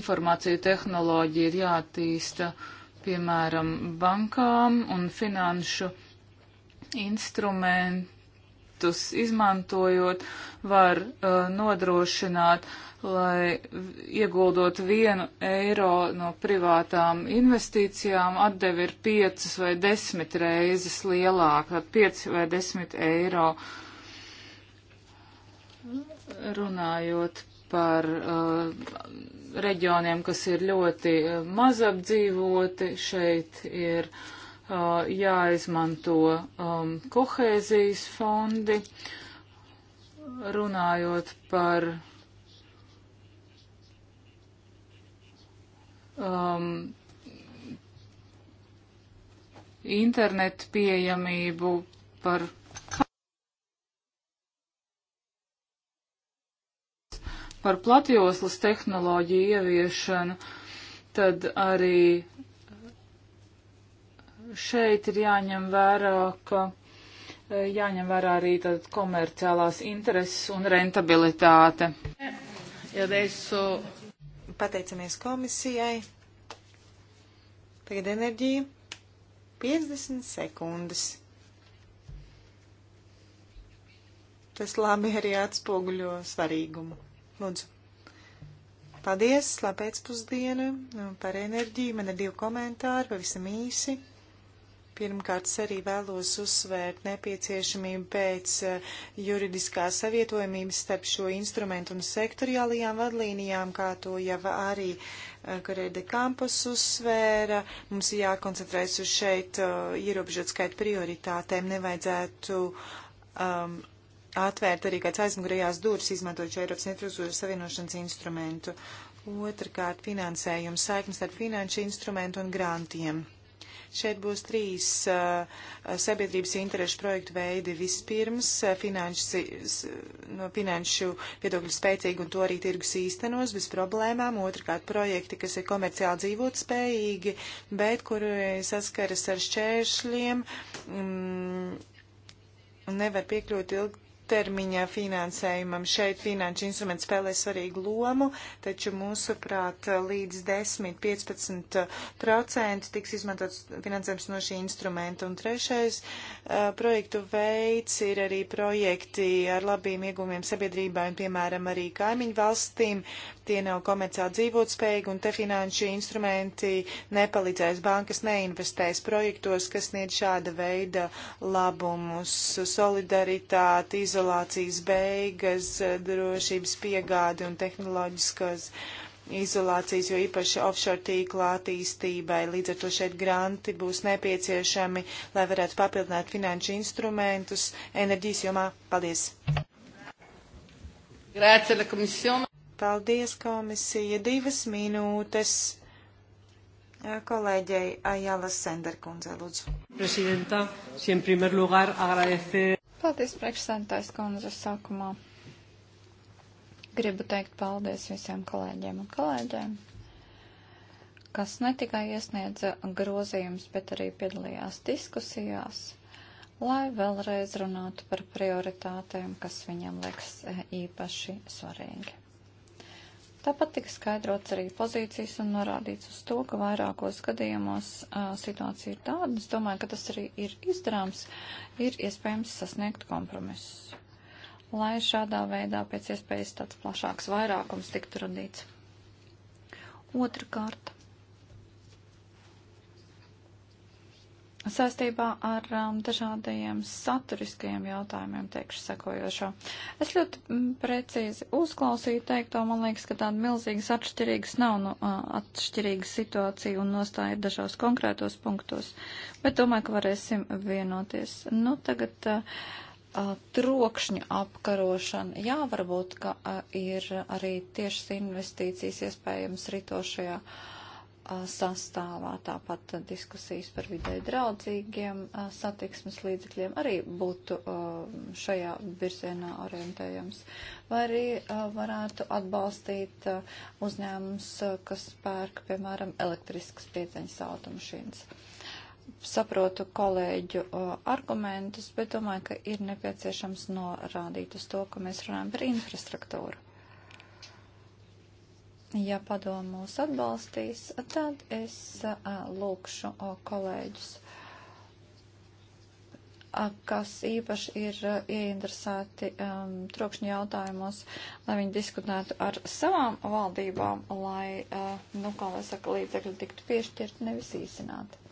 Informāciju tehnoloģija ir jātīsta. Uh, piemēram, bankām un finanšu instrumentus izmantojot, var uh, nodrošināt, lai ieguldot vienu eiro no privātām investīcijām, atdevi ir piecas vai desmit reizes lielāka, tad pieci vai desmit eiro. Runājot par uh, reģioniem, kas ir ļoti eh, mazapdzīvoti, šeit ir uh, jāizmanto um, kohēzijas fondi, runājot par um, internetu pieejamību, par par platjoslas tehnoloģiju ieviešanu, tad arī šeit ir jāņem vērā, ka eh, jāņem vērā arī tad komerciālās intereses un rentabilitāte. E Pateicamies komisijai. Tagad enerģija. 50 sekundes. Tas labi arī atspoguļo svarīgumu. Lūdzu. Paldies, labi pēcpusdienu nu, par enerģiju. Man ir divi komentāri, pavisam īsi. Pirmkārt, arī vēlos uzsvērt nepieciešamību pēc eh, juridiskās savietojumības starp šo instrumentu un sektoriālajām vadlīnijām, kā to jau arī Korēde eh, Kampus uzsvēra. Mums ir jākoncentrēs uz šeit eh, ierobežot skaitu prioritātēm. Nevajadzētu um, atvērt arī kāds aizmugurējās durvis, izmantojot šo Eiropas netrūzošu savienošanas instrumentu. Otrakārt, finansējums saiknes ar finanšu instrumentu un grantiem. Šeit būs trīs uh, sabiedrības interešu projektu veidi. Vispirms uh, finansi, no finanšu viedokļu spēcīgi un to arī tirgus īstenos bez problēmām. Otrakārt projekti, kas ir komerciāli dzīvot spējīgi, bet kur uh, saskaras ar šķēršļiem mm, un nevar piekļūt ilgi ilgtermiņa finansējumam šeit finanšu instruments spēlē svarīgu lomu, taču mūsuprāt līdz 10-15% uh, tiks izmantots finansējums no šī instrumenta. Un trešais uh, projektu veids ir arī projekti ar labiem iegūmiem sabiedrībām, piemēram, arī kaimiņu valstīm. Tie nav komerciāli dzīvotspējīgi un te finanšu instrumenti nepalīdzēs. Bankas neinvestēs projektos, kas sniedz šāda veida labumus, solidaritāti, izolāciju izolācijas beigas, drošības piegādi un tehnoloģiskos izolācijas, jo īpaši offshore tīkla attīstībai. Līdz ar to šeit granti būs nepieciešami, lai varētu papildināt finanšu instrumentus enerģijas jomā. Paldies! Grācija, la komisiona. Paldies, komisija. Divas minūtes. Kolēģei Ajala Senderkundze, lūdzu. Presidenta, si en primer lugar agradecer. Paldies, priekšsēdētājs kundze, sākumā. Gribu teikt paldies visiem kolēģiem un kolēģiem, kas ne tikai iesniedza grozījumus, bet arī piedalījās diskusijās, lai vēlreiz runātu par prioritātēm, kas viņam liekas e, īpaši svarīgi. Tāpat tika skaidrots arī pozīcijas un norādīts uz to, ka vairākos gadījumos uh, situācija ir tāda, es domāju, ka tas arī ir izdarāms, ir iespējams sasniegt kompromisus, lai šādā veidā pēc iespējas tāds plašāks vairākums tiktu radīts. Otra kārta. saistībā ar um, dažādajiem saturiskajiem jautājumiem teikšu sekojošo. Es ļoti mm, precīzi uzklausīju teikto, man liekas, ka tāda milzīgas atšķirīgas nav, nu, atšķirīga situācija un nostāja ir dažos konkrētos punktos, bet domāju, ka varēsim vienoties. Nu, tagad uh, trokšņu apkarošana. Jā, varbūt, ka uh, ir arī tiešas investīcijas iespējams ritošajā. Uh, sastāvā, tāpat diskusijas par videi draudzīgiem satiksmes līdzekļiem arī būtu šajā virzienā orientējams. Vai arī varētu atbalstīt uzņēmums, kas pērk, piemēram, elektriskas pieceņas automašīnas. Saprotu kolēģu argumentus, bet domāju, ka ir nepieciešams norādīt uz to, ka mēs runājam par infrastruktūru Ja padomu mūs atbalstīs, tad es lūkšu kolēģus kas īpaši ir ieinteresēti um, trokšņa jautājumos, lai viņi diskutētu ar savām valdībām, lai, uh, nu, kā lai saka, līdzekļi tiktu piešķirti, nevis īsināti.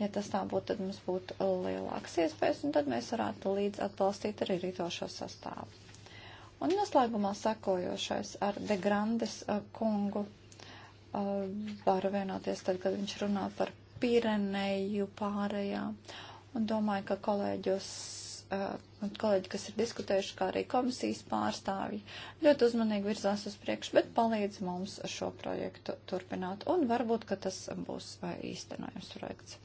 Ja tas tā būtu, tad mums būtu lielāks iespējas, un tad mēs varētu līdz atbalstīt arī rītošo sastāvu. Un noslēgumā sekojošais ar De Grandes kungu varu vienoties tad, kad viņš runā par Pireneju pārējām. Un domāju, ka kolēģos Uh, un kolēģi, kas ir diskutējuši, kā arī komisijas pārstāvji, ļoti uzmanīgi virzās uz priekšu, bet palīdz mums šo projektu turpināt, un varbūt, ka tas būs uh, īstenojams projekts.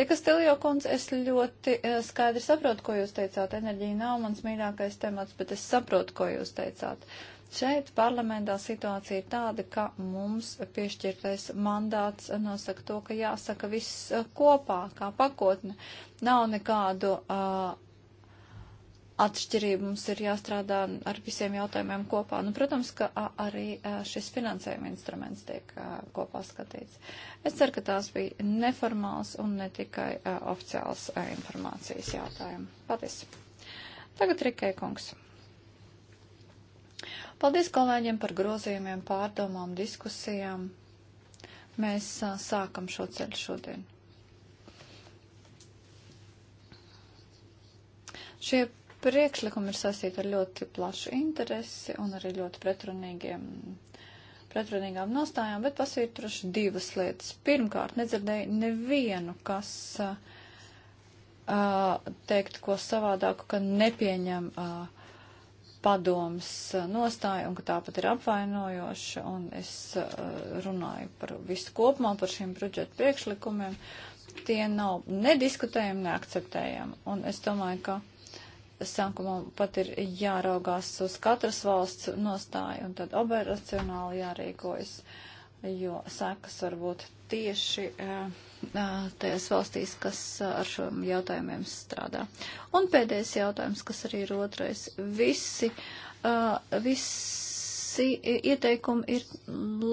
Tika Stiljo kundze, es ļoti uh, skaidri saprotu, ko jūs teicāt. Enerģija nav mans mīļākais temats, bet es saprotu, ko jūs teicāt. Šeit parlamentā situācija ir tāda, ka mums piešķirtais mandāts nosaka to, ka jāsaka viss kopā, kā pakotne. Nav nekādu uh, atšķirība mums ir jāstrādā ar visiem jautājumiem kopā. Nu, protams, ka arī šis finansējuma instruments tiek kopā skatīts. Es ceru, ka tās bija neformāls un ne tikai oficiāls informācijas jautājumi. Paldies! Tagad Rikai kungs. Paldies kolēģiem par grozījumiem, pārdomām, diskusijām. Mēs sākam šo ceļu šodien. Šie Priekšlikumi ir saistīti ar ļoti plašu interesi un arī ļoti pretrunīgiem, pretrunīgām nostājām, bet pasvītroši divas lietas. Pirmkārt, nedzirdēju nevienu, kas uh, teikt ko savādāku, ka nepieņem uh, padomas nostāja un ka tāpat ir apvainojoša, un es uh, runāju par visu kopumā, par šiem budžeta priekšlikumiem, tie nav nediskutējami, neakceptējami. Un es domāju, ka sākumam pat ir jāraugās uz katras valsts nostāju un tad operacionāli jārīkojas, jo sekas var būt tieši eh, eh, tajās valstīs, kas eh, ar šiem jautājumiem strādā. Un pēdējais jautājums, kas arī ir otrais. Visi, visi ieteikumi ir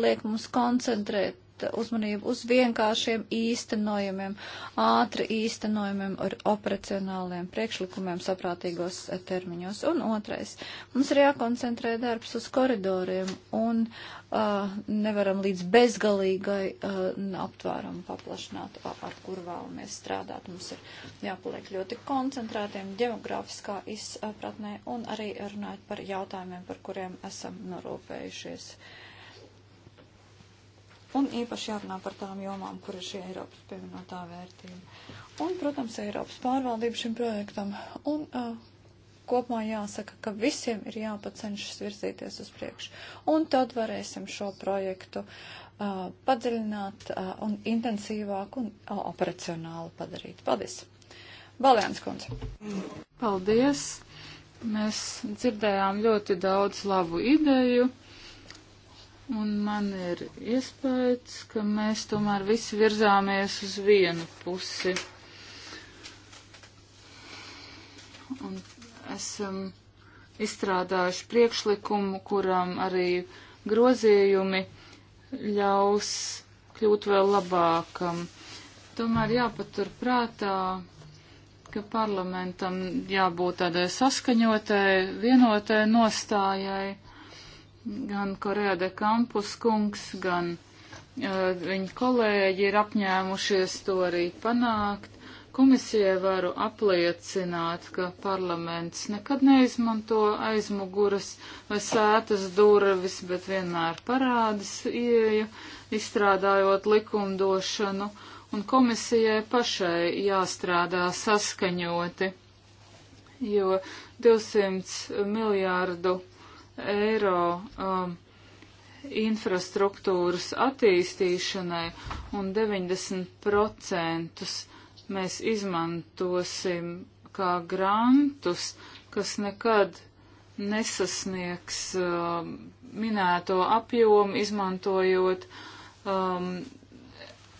liek mums koncentrēt vērst uzmanību uz vienkāršiem īstenojumiem, ātri īstenojumiem ar operacionāliem priekšlikumiem saprātīgos eh, termiņos. Un otrais, mums ir jākoncentrē darbs uz koridoriem un uh, nevaram līdz bezgalīgai uh, aptvērumu paplašināt, ar kuru vēlamies strādāt. Mums ir jāpaliek ļoti koncentrētiem geogrāfiskā izpratnē un arī runāt par jautājumiem, par kuriem esam norūpējušies. Uh, un īpaši jārunā par tām jomām, kur ir šī Eiropas pievienotā vērtība. Un, protams, Eiropas pārvaldība šim projektam. Un uh, kopumā jāsaka, ka visiem ir jāpacenšas virzīties uz priekšu. Un tad varēsim šo projektu uh, padziļināt uh, un intensīvāk un uh, operacionāli padarīt. Paldies! Balēns kundze. Paldies! Mēs dzirdējām ļoti daudz labu ideju. Un man ir iespējas, ka mēs tomēr visi virzāmies uz vienu pusi. Un esam izstrādājuši priekšlikumu, kuram arī grozījumi ļaus kļūt vēl labākam. Tomēr jāpatur prātā, ka parlamentam jābūt tādai saskaņotai, vienotai nostājai Gan Korea de Campus kungs, gan uh, viņa kolēģi ir apņēmušies to arī panākt. Komisijai varu apliecināt, ka parlaments nekad neizmanto aizmuguras vai sētas durvis, bet vienmēr parādas ieju, izstrādājot likumdošanu, un komisijai pašai jāstrādā saskaņoti, jo 200 miljārdu eiro um, infrastruktūras attīstīšanai un 90% mēs izmantosim kā grantus, kas nekad nesasniegs um, minēto apjomu, izmantojot um,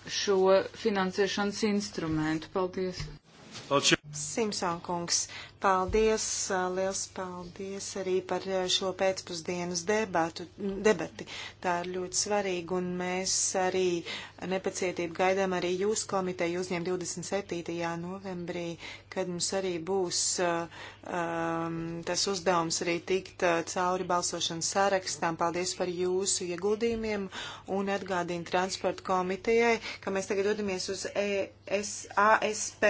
šo finansēšanas instrumentu. Paldies! Paldies. Simpsonkungs, paldies, uh, liels paldies arī par uh, šo pēcpusdienas debatu, debati. Tā ir ļoti svarīga, un mēs arī nepacietību gaidām arī jūs komiteju uzņem 27. novembrī, kad mums arī būs uh, um, tas uzdevums arī tikt cauri balsošanas sarakstām. Paldies par jūsu ieguldījumiem un atgādīju transporta komitejai, ka mēs tagad dodamies uz e ASP.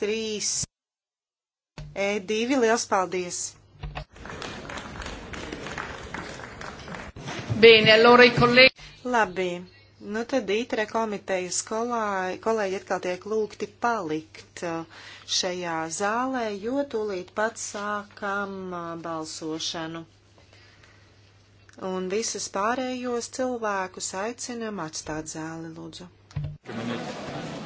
3, E2. Liels paldies! Bene, allora i colleghi. Labi, nu tad ITRE komitejas kolāji, kolēģi atkal tiek lūgti palikt uh, šajā zālē, jo tūlīt pat sākam uh, balsošanu. Un visas pārējos cilvēkus aicinam atstāt zāli, lūdzu. Kaminīt.